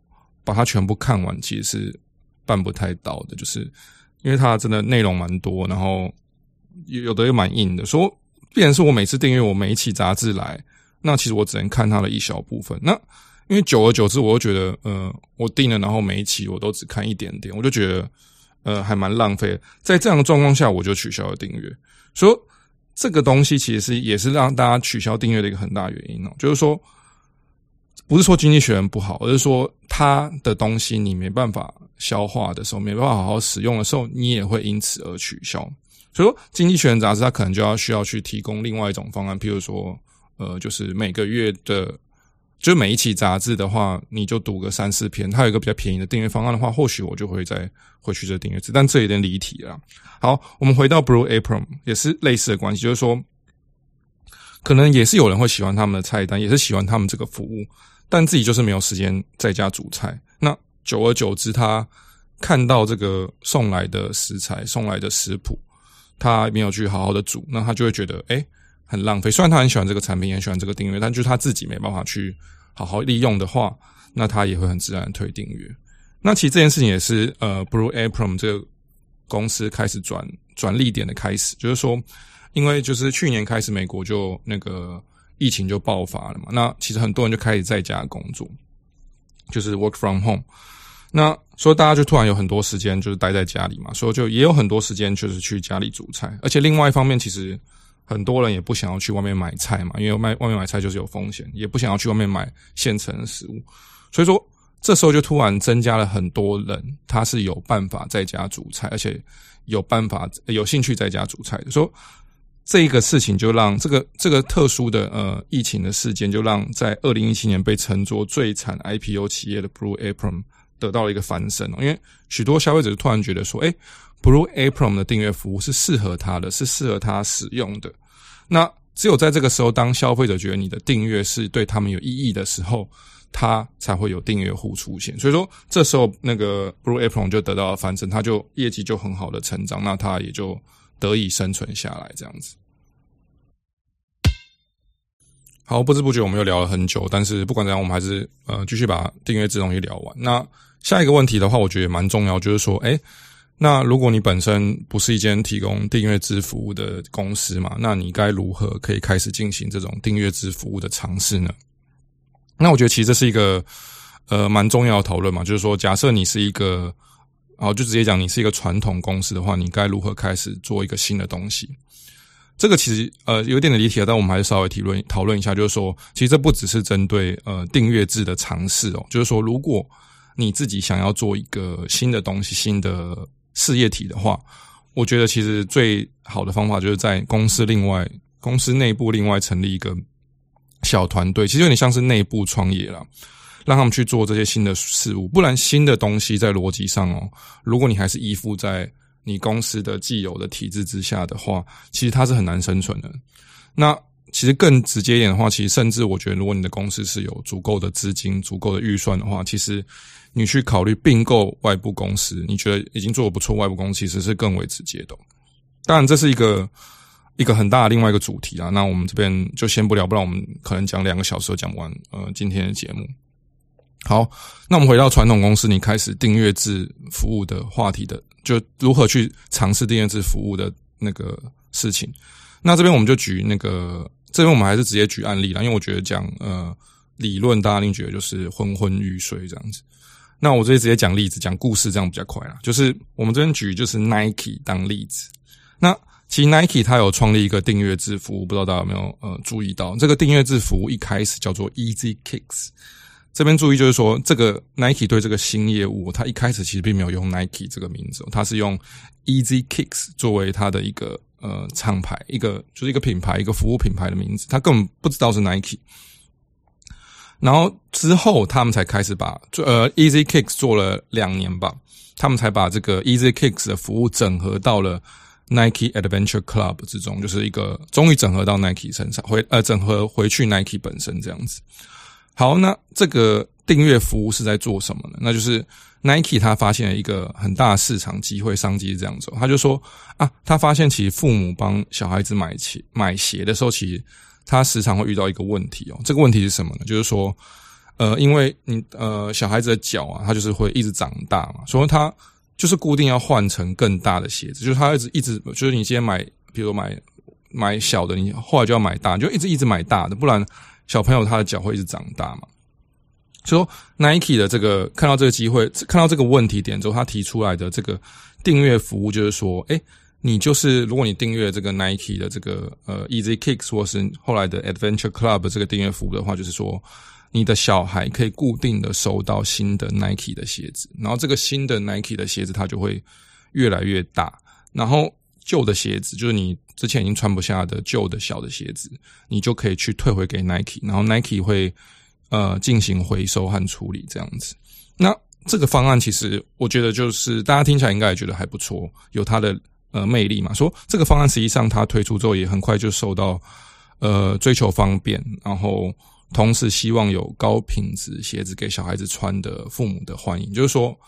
A: 把它全部看完，其實是辦不太到的。就是因為它真的內容蠻多，然後有的又蠻硬的。說，變成是我每次訂閱，我每一期雜誌來。那其實我只能看它的一小部分。那因為久而久之，我就覺得，呃，我訂了，然後每一期我都只看一點點，我就覺得，呃，還蠻浪費。在這樣的狀況下，我就取消了訂閱。所以說這個東西其實是也是讓大家取消訂閱的一個很大原因哦，就是說，不是說經濟學人不好，而是說他的東西你沒辦法消化的時候，沒辦法好好使用的時候，你也會因此而取消。所以說，經濟學人雜誌它可能就要需要去提供另外一種方案，譬如說。呃，就是每個月的，就每一期雜誌的話，你就讀個三四篇。它有一個比較便宜的訂閱方案的話，或許我就會再回去這訂閱制，但這有點離題了啦。好，我們回到《Blue Apron》，也是類似的關係，就是說，可能也是有人會喜歡他們的菜單，也是喜歡他們這個服務，但自己就是沒有時間在家煮菜。那久而久之，他看到這個送來的食材、送來的食譜，他沒有去好好的煮，那他就會覺得，哎。很浪費，雖然他很喜歡這個產品，也很喜歡這個訂閱，但就是他自己沒辦法去好好利用的話，那他也會很自然退訂閱。那其實這件事情也是呃，Blue Apron 這個公司開始轉轉捩點的開始，就是說，因為就是去年開始，美國就那個疫情就爆發了嘛，那其實很多人就開始在家工作，就是 work from home。那所以大家就突然有很多時間就是待在家裡嘛，所以就也有很多時間就是去家裡煮菜，而且另外一方面其實。很多人也不想要去外面買菜嘛，因為外外面買菜就是有風險，也不想要去外面買現成的食物，所以說這時候就突然增加了很多人，他是有辦法在家煮菜，而且有辦法有興趣在家煮菜。說，這個事情就讓這個、這個特殊的呃疫情的事件，就讓在二零一七年被稱作最慘 IPO 企業的 Blue Apron 得到了一個翻身哦，因為許多消費者突然覺得說，哎。Blue Apron 的訂閱服務是適合他的，是適合他使用的。那只有在這個時候，當消費者覺得你的訂閱是對他們有意義的時候，他才會有訂閱戶出現。所以說，這時候那個 Blue Apron 就得到了翻身，他就業績就很好的成長，那他也就得以生存下來。這樣子。好，不知不覺我們又聊了很久，但是不管怎樣，我們還是呃繼續把訂閱這東西聊完。那下一個問題的話，我覺得也蠻重要，就是說，哎、欸。那如果你本身不是一間提供訂閱制服務的公司嘛，那你該如何可以開始進行這種訂閱制服務的嘗試呢？那我覺得其實這是一個呃蠻重要的討論嘛，就是說，假設你是一個，哦，就直接講你是一個傳統公司的話，你該如何開始做一個新的東西？這個其實呃有點的離題了，但我們還是稍微討論討論一下，就是說，其實這不只是針對呃訂閱制的嘗試哦，就是說，如果你自己想要做一個新的東西，新的。事業體的話，我覺得其實最好的方法就是在公司另外，公司內部另外成立一個小團隊，其實有點像是內部創業啦，讓他們去做這些新的事物。不然新的東西在邏輯上哦、喔，如果你還是依附在你公司的既有的體制之下的話，其實它是很難生存的。那其實更直接一點的話，其實甚至我覺得，如果你的公司是有足夠的資金、足夠的預算的話，其實。你去考慮併購外部公司，你覺得已經做得不錯，外部公司其實是更為直接的，當然這是一個一個很大的另外一個主題啊。那我們這邊就先不聊，不然我們可能講兩個小時都講不完。呃，今天的節目好，那我們回到傳統公司，你開始訂閱制服務的話題的，就如何去嘗試訂閱制服務的那個事情。那這邊我們就舉那個，這邊我們還是直接舉案例啦，因為我覺得講呃理論，大家一定覺得就是昏昏欲睡這樣子。那我這邊直接講例子，講故事這樣比較快啦。就是我們這邊舉，就是 Nike 當例子。那其實 Nike 它有創立一個訂閱制服務，我不知道大家有沒有呃注意到？這個訂閱制服務一開始叫做 Easy Kicks。這邊注意就是說，這個 Nike 對這個新業務，它一開始其實並沒有用 Nike 這個名字，它是用 Easy Kicks 作為它的一個呃廠牌，一個就是一個品牌，一個服務品牌的名字。它根本不知道是 Nike。然後之後，他們才開始把做呃 Easy Kicks 做了兩年吧，他們才把這個 Easy Kicks 的服務整合到了 Nike Adventure Club 之中，就是一個終於整合到 Nike 身上回呃整合回去 Nike 本身這樣子。好，那這個訂閱服務是在做什麼呢？那就是 Nike 他發現了一個很大的市場機會，商機這樣子，他就說啊，他發現其實父母幫小孩子買鞋買鞋的時候，其實。他時常會遇到一個問題哦，這個問題是什麼呢？就是說，呃，因為你呃，小孩子的腳啊，他就是會一直長大嘛，所以他就是固定要換成更大的鞋子，就是他一直一直，就是你今天買，比如說買買小的，你後來就要買大的，就一直一直買大的，不然小朋友他的腳會一直長大嘛。所以 Nike 的這個看到這個機會，看到這個問題點之後，他提出來的這個訂閱服務，就是說，哎。你就是，如果你訂閱這個 Nike 的這個呃 Easy Kicks，或是後來的 Adventure Club 的這個訂閱服務的話，就是說你的小孩可以固定的收到新的 Nike 的鞋子，然後這個新的 Nike 的鞋子它就會越來越大，然後舊的鞋子就是你之前已經穿不下的舊的小的鞋子，你就可以去退回給 Nike，然後 Nike 會呃進行回收和處理這樣子。那這個方案其實我覺得就是大家聽起來應該也覺得還不錯，有它的。呃，魅力嘛，說這個方案實際上它推出之後也很快就受到呃追求方便，然後同時希望有高品質鞋子給小孩子穿的父母的歡迎，就是說，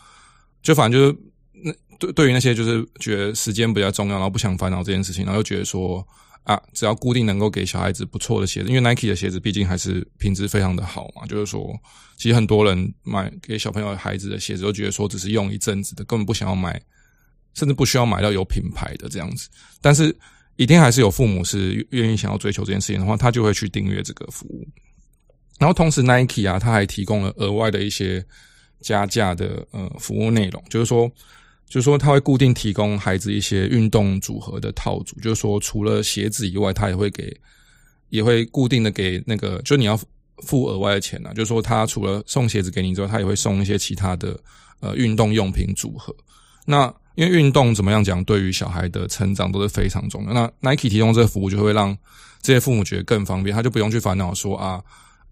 A: 就反正就是那對對於那些就是覺得時間比較重要，然後不想煩惱這件事情，然後又覺得說啊，只要固定能夠給小孩子不錯的鞋子，因為 Nike 的鞋子畢竟還是品質非常的好嘛，就是說，其實很多人買給小朋友孩子的鞋子都覺得說只是用一陣子的，根本不想要買。甚至不需要買到有品牌的這樣子，但是一定還是有父母是願意想要追求這件事情的話，他就會去訂閱這個服務。
B: 然
A: 後同時，Nike 啊，他還提供了額外的一些加價的呃服務內容，就是說，就是說他會固定提供孩子一些運動組合的套組，就是說除了鞋子以外，他也會給，也會固定的給那個，就你要付額外的錢啊，就是說他除了送鞋子給你之外，他也會送一些其他的呃運動用品組合。那因為運動怎麼樣講，對於小孩的成長都是非常重要的。那 Nike 提供這個服務，就會讓這些父母覺得更方便，他就不用去煩惱說啊，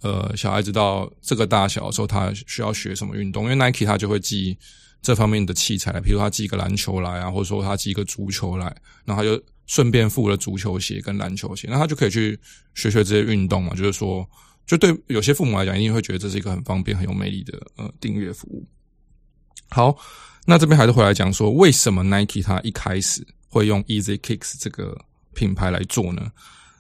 A: 呃，小孩知道這個大小的時候，他需要學什麼運動。因為 Nike 他就會寄這方面的器材，譬如他寄一個籃球來啊，或者說他寄一個足球來，然後他就順便附了足球鞋跟籃球鞋，那他就可以去學學這些運動嘛。就是說，就對有些父母來講，一定會覺得這是一個很方便、很有魅力的呃訂閱服務。好。那這邊還是回來講說，為什麼 Nike 他一開始會用 Easy Kicks 這個品牌來做呢？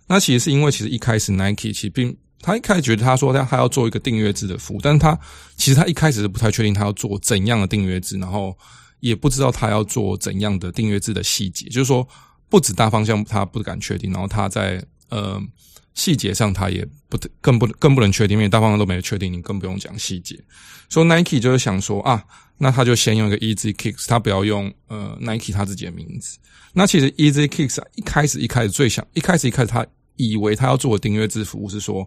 A: 那其實是因為，其實一開始 Nike 其實並他一開始覺得他說他要做一個訂閱制的服務，但是他其實他一開始是不太確定他要做怎樣的訂閱制，然後也不知道他要做怎樣的訂閱制的細節，就是說不止大方向他不敢確定，然後他在呃。細節上他也不得更不更不能確定，因為大方向都沒有確定，你更不用講細節。所以 Nike 就是想說啊，那他就先用一個 Easy Kicks，他不要用呃 Nike 他自己的名字。那其實 Easy Kicks 一開始一開始最想一開始一開始他以為他要做訂閱制服務，是說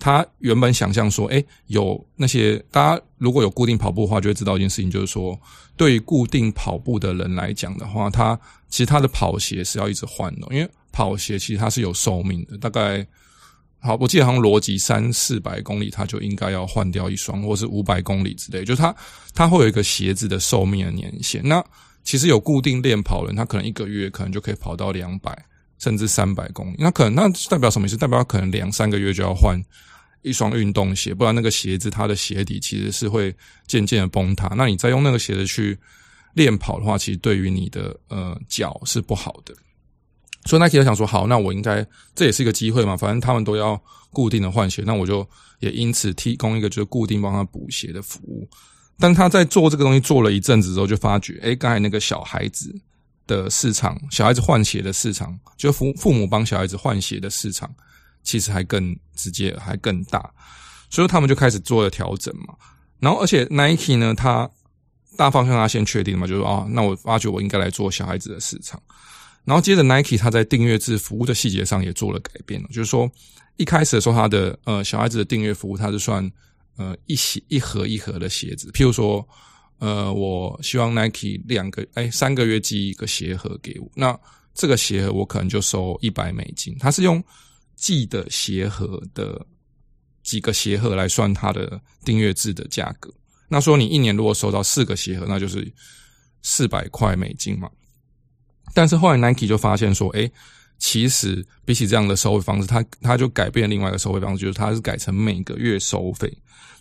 A: 他原本想象說，哎、欸，有那些大家如果有固定跑步的話，就會知道一件事情，就是說，對固定跑步的人來講的話，他其實他的跑鞋是要一直換的，因為跑鞋其實它是有壽命的，大概好，我記得好像邏輯三四百公里，它就應該要換掉一雙，或者是五百公里之類。就是它它會有一個鞋子的壽命的年限。那其實有固定練跑的人，他可能一個月可能就可以跑到兩百甚至三百公里。那可能那代表什麼意思？代表可能兩三個月就要換一雙運動鞋，不然那個鞋子它的鞋底其實是會漸漸的崩塌。那你再用那個鞋子去練跑的話，其實對於你的呃腳是不好的。所以 Nike 就想說，好，那我應該這也是一個機會嘛，反正他們都要固定的換鞋，那我就也因此提供一個就是固定幫他補鞋的服務。但他在做這個東西做了一陣子之後，就發覺，哎，剛才那個小孩子的市場，小孩子換鞋的市場，就父父母幫小孩子換鞋的市場，其實還更直接，還更大。所以他們就開始做了調整嘛。然後，而且 Nike 呢，他大方向他先確定嘛，就說，哦，那我發覺我應該來做小孩子的市場。然後接着 Nike 它在訂閱制服務的細節上也做了改變，就是說一開始的時候，它的呃小孩子的訂閱服務它是算呃一鞋一盒一盒的鞋子，譬如說呃我希望 Nike 兩個哎三個月寄一個鞋盒給我，那這個鞋盒我可能就收一百美金，它是用寄的鞋盒的幾個鞋盒來算它的訂閱制的價格。那說你一年如果收到四個鞋盒，那就是四百塊美金嘛。但是後來 Nike 就發現說，哎、欸，其實比起這樣的收費方式，它、它就改變另外一個收費方式，就是它是改成每個月收費。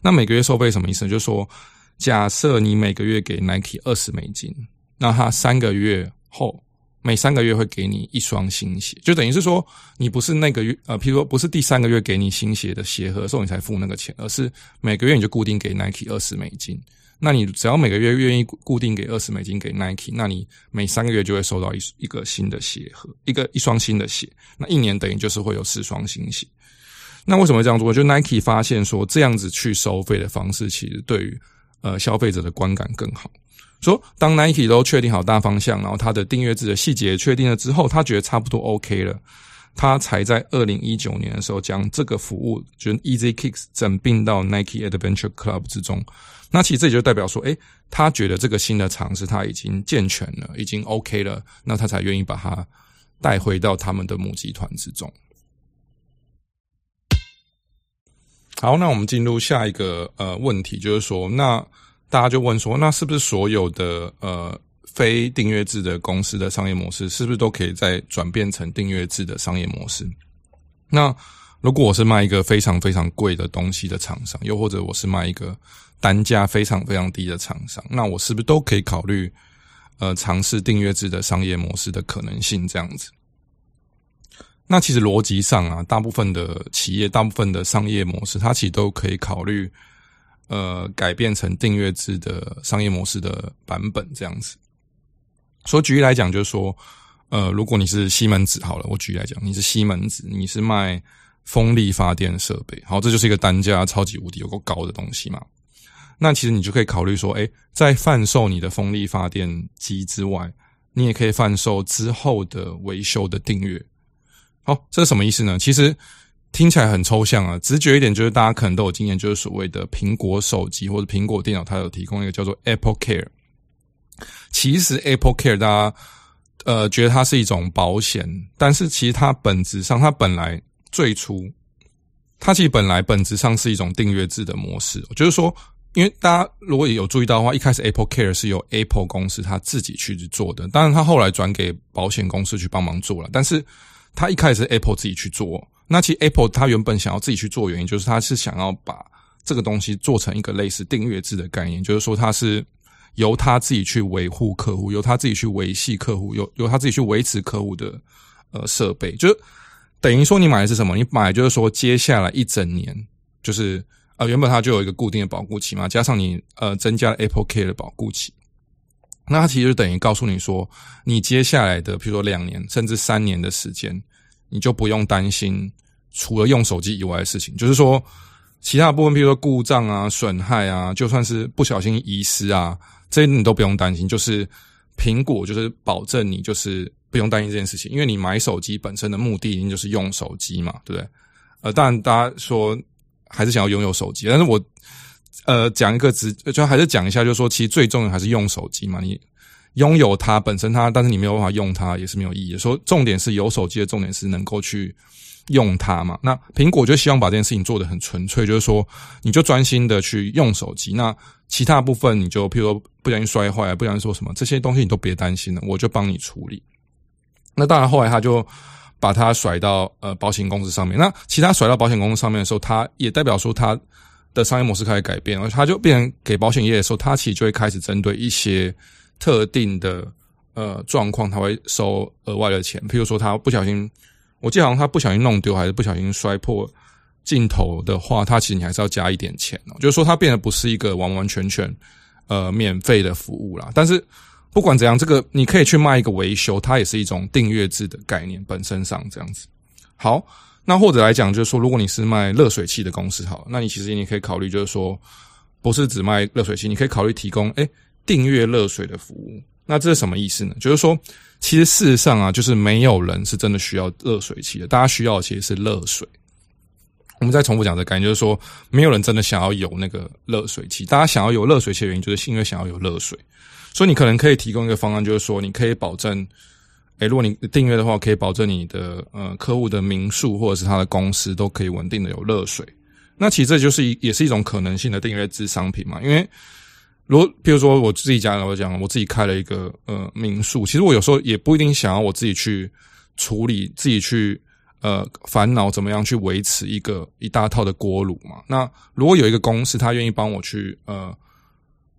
A: 那每個月收費什麼意思呢？就是說，假設你每個月給 Nike 二十美金，那它三個月後，每三個月會給你一雙新鞋，就等於是說，你不是那個月，呃，譬如說不是第三個月給你新鞋的鞋盒的時候，你才付那個錢，而是每個月你就固定給 Nike 二十美金。那你只要每個月願意固定給二十美金給 Nike，那你每三個月就會收到一一個新的鞋盒，一個一雙新的鞋，那一年等於就是會有四雙新鞋。那為什麼這樣做？就 Nike 發現說，這樣子去收費的方式，其實對於呃消費者的觀感更好。說當 Nike 都確定好大方向，然後它的訂閱制的細節也確定了之後，他覺得差不多 OK 了。他才在二零一九年的時候將這個服務，就是 Easy Kicks，整併到 Nike Adventure Club 之中。那其實這就代表說，誒，他覺得這個新的嘗試他已經健全了，已經 OK 了，那他才願意把它帶回到他們的母集團之中。好，那我們進入下一個呃問題，就是說，那大家就問說，那是不是所有的呃？非訂閱制的公司的商業模式是不是都可以再轉變成訂閱制的商業模式？那如果我是賣一個非常非常貴的東西的廠商，又或者我是賣一個單價非常非常低的廠商，那我是不是都可以考慮呃嘗試訂閱制的商業模式的可能性，這樣子。那其實邏輯上啊，大部分的企業，大部分的商業模式，它其實都可以考慮呃改變成訂閱制的商業模式的版本這樣子。所以舉例來講，就是說，呃，如果你是西門子，好了，我舉例來講，你是西門子，你是賣風力發電設備，好，這就是一個單價超級無敵有夠高的東西嘛。那其實你就可以考慮說，哎、欸，在販售你的風力發電機之外，你也可以販售之後的維修的訂閱。好，這是什麼意思呢？其實聽起來很抽象啊，直覺一點就是大家可能都有經驗，就是所謂的蘋果手機或者蘋果電腦，它有提供一個叫做 Apple Care。其實 Apple Care 大家呃覺得它是一種保險，但是其實它本質上，它本來最初，它其實本來本質上是一種訂閱制的模式。就是說，因為大家如果也有注意到的話，一開始 Apple Care 是由 Apple 公司它自己去做的，當然它後來轉給保險公司去幫忙做了。但是它一開始 Apple 自己去做，那其實 Apple 它原本想要自己去做，原因就是它是想要把這個東西做成一個類似訂閱制的概念，就是說它是。由他自己去維護客戶，由他自己去維繫客戶，由由他自己去維持客戶的呃設備，就是、等於說你買的是什麼？你買就是說接下來一整年，就是啊、呃、原本它就有一個固定的保固期嘛，加上你呃增加了 Apple Care 的保固期，那它其實就等於告訴你說，你接下來的比如說兩年甚至三年的時間，你就不用擔心除了用手機以外的事情，就是說其他的部分，比如說故障啊、損害啊，就算是不小心遺失啊。這一點你都不用擔心，就是蘋果就是保證你就是不用擔心這件事情，因為你買手機本身的目的一定就是用手機嘛，對不對？呃，當然大家說還是想要擁有手機，但是我呃講一個直就還是講一下，就是說其實最重要還是用手機嘛，你擁有它本身它，但是你沒有辦法用它也是沒有意義的。說重點是有手機的重點是能夠去。用它嘛。那蘋果就希望把這件事情做得很純粹，就是說，你就專心的去用手機，那其他部分你就，譬如說不小心摔壞、啊，不小心說什麼這些東西你都別擔心了，我就幫你處理。那當然，後來他就把它甩到呃保險公司上面。那其他甩到保險公司上面的時候，它也代表說它的商業模式開始改變，而它就變成給保險業的時候，它其實就會開始針對一些特定的呃狀況，它會收額外的錢，譬如說它不小心。我記得好像他不小心弄丟，還是不小心摔破鏡頭的話，他其實你還是要加一點錢哦。就是說，它變得不是一個完完全全，呃，免費的服務啦。但是不管怎樣，這個你可以去賣一個維修，它也是一種訂閱制的概念本身上這樣子。好，那或者來講，就是說，如果你是賣熱水器的公司，好，那你其實你可以考慮，就是說，不是只賣熱水器，你可以考慮提供，誒，訂閱熱水的服務。那這是什麼意思呢？就是說，其實事實上啊，就是沒有人是真的需要熱水器的。大家需要的其實是熱水。我們再重複講這個概念，就是說，沒有人真的想要有那個熱水器。大家想要有熱水器的原因，就是因為想要有熱水。所以你可能可以提供一個方案，就是說，你可以保證，誒，如果你訂閱的話，可以保證你的呃客戶的民宿或者是他的公司都可以穩定的有熱水。那其實這就是一，也是一種可能性的訂閱制商品嘛，因為。如比如說我自己講，我講我自己開了一個呃民宿，其實我有時候也不一定想要我自己去處理，自己去呃煩惱怎麼樣去維持一個一大套的鍋爐嘛。那如果有一個公司，他願意幫我去呃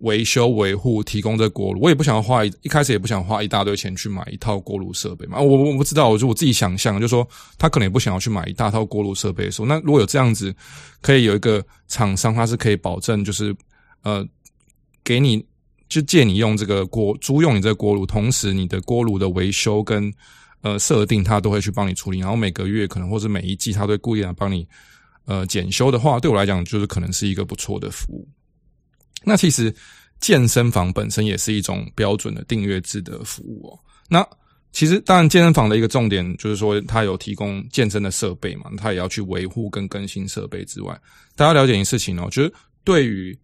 A: 維修維護，提供這個鍋爐，我也不想要花一一開始也不想花一大堆錢去買一套鍋爐設備嘛。我我不知道，我就我自己想象，就是說他可能也不想要去買一大套鍋爐設備的時候，那如果有這樣子，可以有一個廠商，他是可以保證就是呃。給你就借你用這個鍋租用你這個鍋爐，同時你的鍋爐的維修跟呃設定，他都會去幫你處理。然後每個月可能或者每一季，他都會固定來幫你呃檢修的話，對我來講就是可能是一個不錯的服務。那其實健身房本身也是一種標準的訂閱制的服務哦。
B: 那其實當然健身房
A: 的一個重點就是說，它有提供健身的設備嘛，它也要去維護跟更新設備之外，大家了解一件事情哦，就是對於。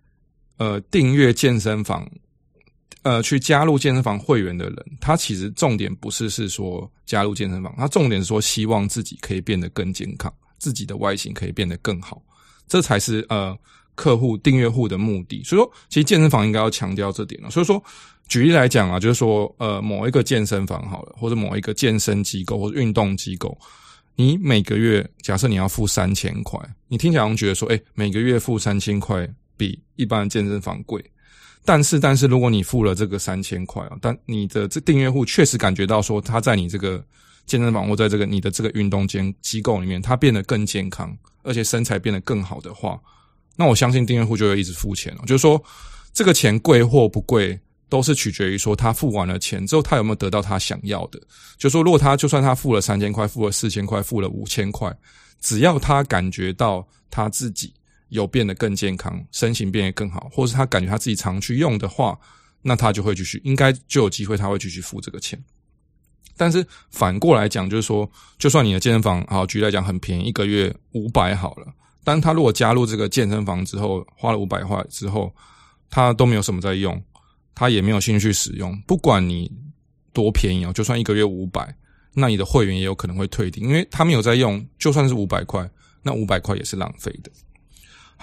A: 呃，訂閱健身房，呃，去加入健身房會員的人，他其實重點不是是說加入健身房，他重點是說希望自己可以變得更健康，自己的外形可以變得更好，這才是呃客戶訂閱戶的目的。所以說，其實健身房應該要強調這點。所以說，舉例來講啊，就是說，呃，某一個健身房好了，或者某一個健身機構，或者運動機構，你每個月假設你要付三千塊，你聽起來好像覺得說，哎，每個月付三千塊。比一般的健身房貴，但是但是如果你付了這個三千塊，但你的這訂閱戶確實感覺到說，他在你這個健身房或在這個你的這個運動間機構裡面，他變得更健康，而且身材變得更好的話，那我相信訂閱戶就會一直付錢哦。就是說這個錢貴或不貴，都是取決於說，他付完了錢之後，他有沒有得到他想要的。就是說如果他就算他付了三千塊，付了四千塊，付了五千塊，只要他感覺到他自己。有變得更健康，身形變得更好，或者是他感覺他自己常去用的話，那他就會繼續，應該就有機會他會繼續付這個錢。但是反過來講，就是說，就算你的健身房好，舉例來講很便宜，一個月五百好了。但他如果加入這個健身房之後，花了五百塊之後，他都沒有什麼在用，他也沒有興趣使用。不管你多便宜哦，就算一個月五百，那你的會員也有可能會退訂，因為他沒有在用，就算是五百塊，那五百塊也是浪費的。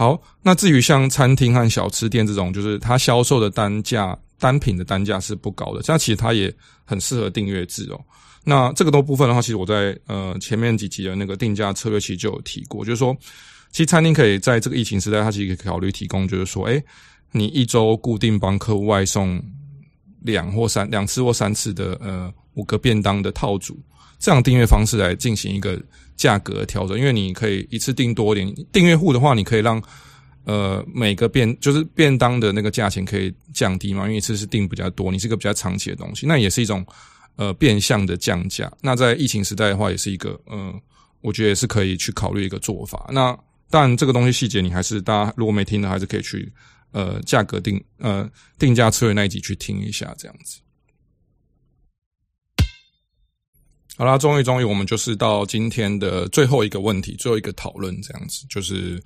A: 好，那至於像餐廳和小吃店這種，就是它銷售的單價單品的單價是不高的，這樣其實它也很適合訂閱制哦。那這個都部分的話，其實我在呃前面幾集的那個定價策略其實就有提過，就是說，其實餐廳可以在這個疫情時代，它其實可以考慮提供，就是說，誒、欸、你一週固定幫客戶外送兩或三兩次或三次的呃五個便當的套組，這樣訂閱方式來進行一個。價格調整，因為你可以一次訂多一點。訂閱戶的話，你可以讓，呃，每個便就是便當的那個價錢可以降低嘛，因為一次是訂比較多，你是一個比較長期的東西，那也是一種，呃，變相的降價。那在疫情時代的話，也是一個，嗯、呃，我覺得也是可以去考慮一個做法。那但這個東西細節，你還是大家如果沒聽的，還是可以去，呃，價格定，呃，定價策略那一集去聽一下，這樣子。好啦，終於終於，我們就是到今天的最後一個問題，最後一個討論這樣子，就是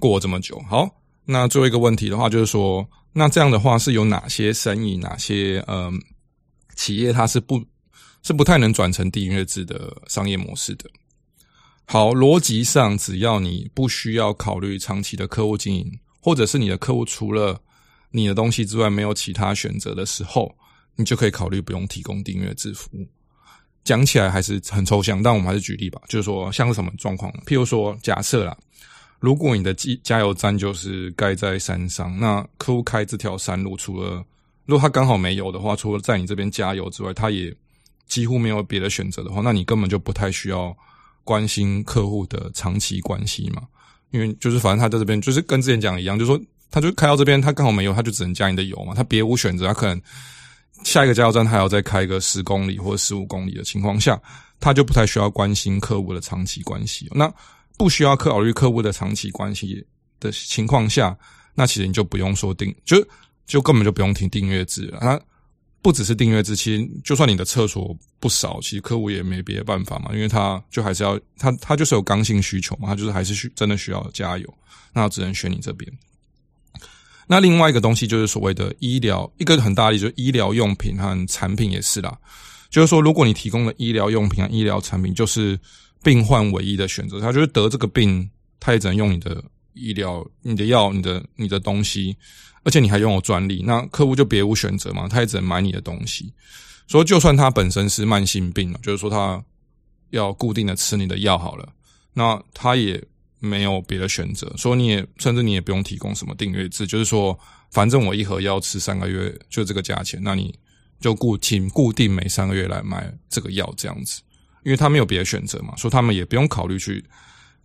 A: 過了這麼久。好，那最後一個問題的話，就是說，那這樣的話是有哪些生意，哪些嗯企業它是不，是不太能轉成訂閱制的商業模式的？好，邏輯上只要你不需要考慮長期的客戶經營，或者是你的客戶除了你的東西之外沒有其他選擇的時候，你就可以考慮不用提供訂閱制服務。講起來還是很抽象，但我們還是舉例吧。就是說，像是什麼狀況？譬如說，假設啦，如果你的加加油站就是蓋在山上，那客戶開這條山路，除了如果他剛好沒油的話，除了在你這邊加油之外，他也幾乎沒有別的選擇的話，那你根本就不太需要關心客戶的長期關係嘛。因為就是反正他在這邊，就是跟之前講的一樣，就是說，他就開到這邊，他剛好沒油，他就只能加你的油嘛，他別無選擇，他可能，下一個加油站，他還要再開個十公里或者十五公里的情況下，他就不太需要關心客戶的長期關係哦。那不需要考慮客戶的長期關係的情況下，那其實你就不用說訂，就就根本就不用提訂閱制了。那不只是訂閱制，其實就算你的廁所不少，其實客戶也沒別的辦法嘛，因為他就還是要他他就是有剛性需求嘛，他就是還是需真的需要加油，那只能選你這邊。那另外一個東西就是所謂的醫療，一個很大的例子就是醫療用品和產品也是啦。就是說，如果你提供的醫療用品和醫療產品，就是病患唯一的選擇，他就是得這個病，他也只能用你的醫療、你的藥、你的你的東西，而且你還擁有專利，那客戶就別無選擇嘛，他也只能買你的東西。所以就算他本身是慢性病了，就是說他要固定的吃你的藥好了，那他也。沒有別的選擇，所以你也甚至你也不用提供什麼訂閱制，就是說，反正我一盒藥吃三個月，就這個價錢，那你就固定固定每三個月來買這個藥這樣子，因為他沒有別的選擇嘛，所以他們也不用考慮去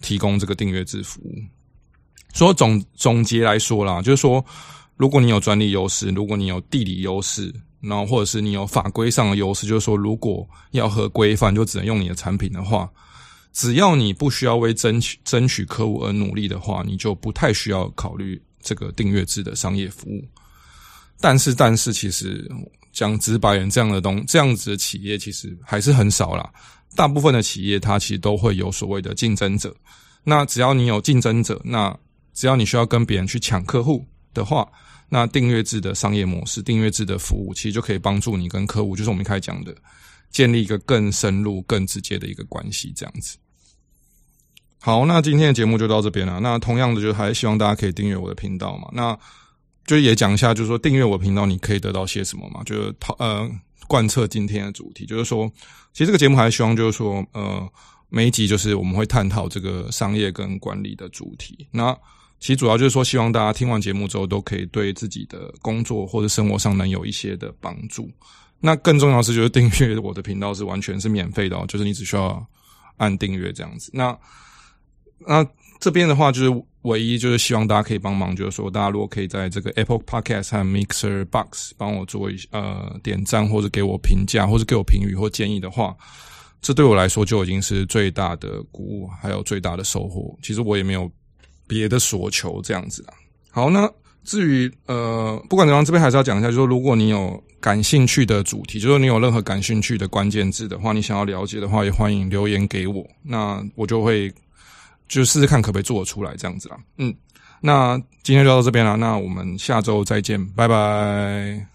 A: 提供這個訂閱制服務。所以總總結來說啦，就是說，如果你有專利優勢，如果你有地理優勢，然後或者是你有法規上的優勢，就是說，如果要合規範，就只能用你的產品的話。只要你不需要為爭取爭取客戶而努力的話，你就不太需要考慮這個訂閱制的商業服務。但是，但是，其實講直白點這樣的東這樣子的企業，其實還是很少啦，大部分的企業，它其實都會有所謂的競爭者。那只要你有競爭者，那只要你需要跟別人去搶客戶的話，那訂閱制的商業模式、訂閱制的服務，其實就可以幫助你跟客戶。就是我們一開始講的。建立一個更深入、更直接的一個關係，這樣子。好，那今天的節目就到這邊了啊。那同樣的，就是還希望大家可以訂閱我的頻道嘛。那就也講一下，就是說訂閱我頻道，你可以得到些什麼嘛？就是呃，貫徹今天的主題，就是說，其實這個節目還是希望，就是說，呃，每一集就是我們會探討這個商業跟管理的主題。那其實主要就是說，希望大家聽完節目之後，都可以對自己的工作或者生活上能有一些的幫助。那更重要的是，就是訂閱我的頻道是完全是免費的哦，就是你只需要按訂閱這樣子。那那這邊的話，就是唯一就是希望大家可以幫忙，就是說大家如果可以在這個 Apple Podcast 和 Mixer Box 幫我做一呃點讚或者給我評價或者給我評語或建議的話，這對我來說就已經是最大的鼓舞，還有最大的收穫。其實我也沒有別的所求，這樣子啦。好，那。至於呃，不管怎樣，這邊還是要講一下，就是說，如果你有感興趣的主題，就是你有任何感興趣的關鍵字的話，你想要了解的話，也歡迎留言給我，那我就會就試試看可不可以做出來這樣子啦。嗯，那今天就到這邊啦，那我們下周再見，拜拜。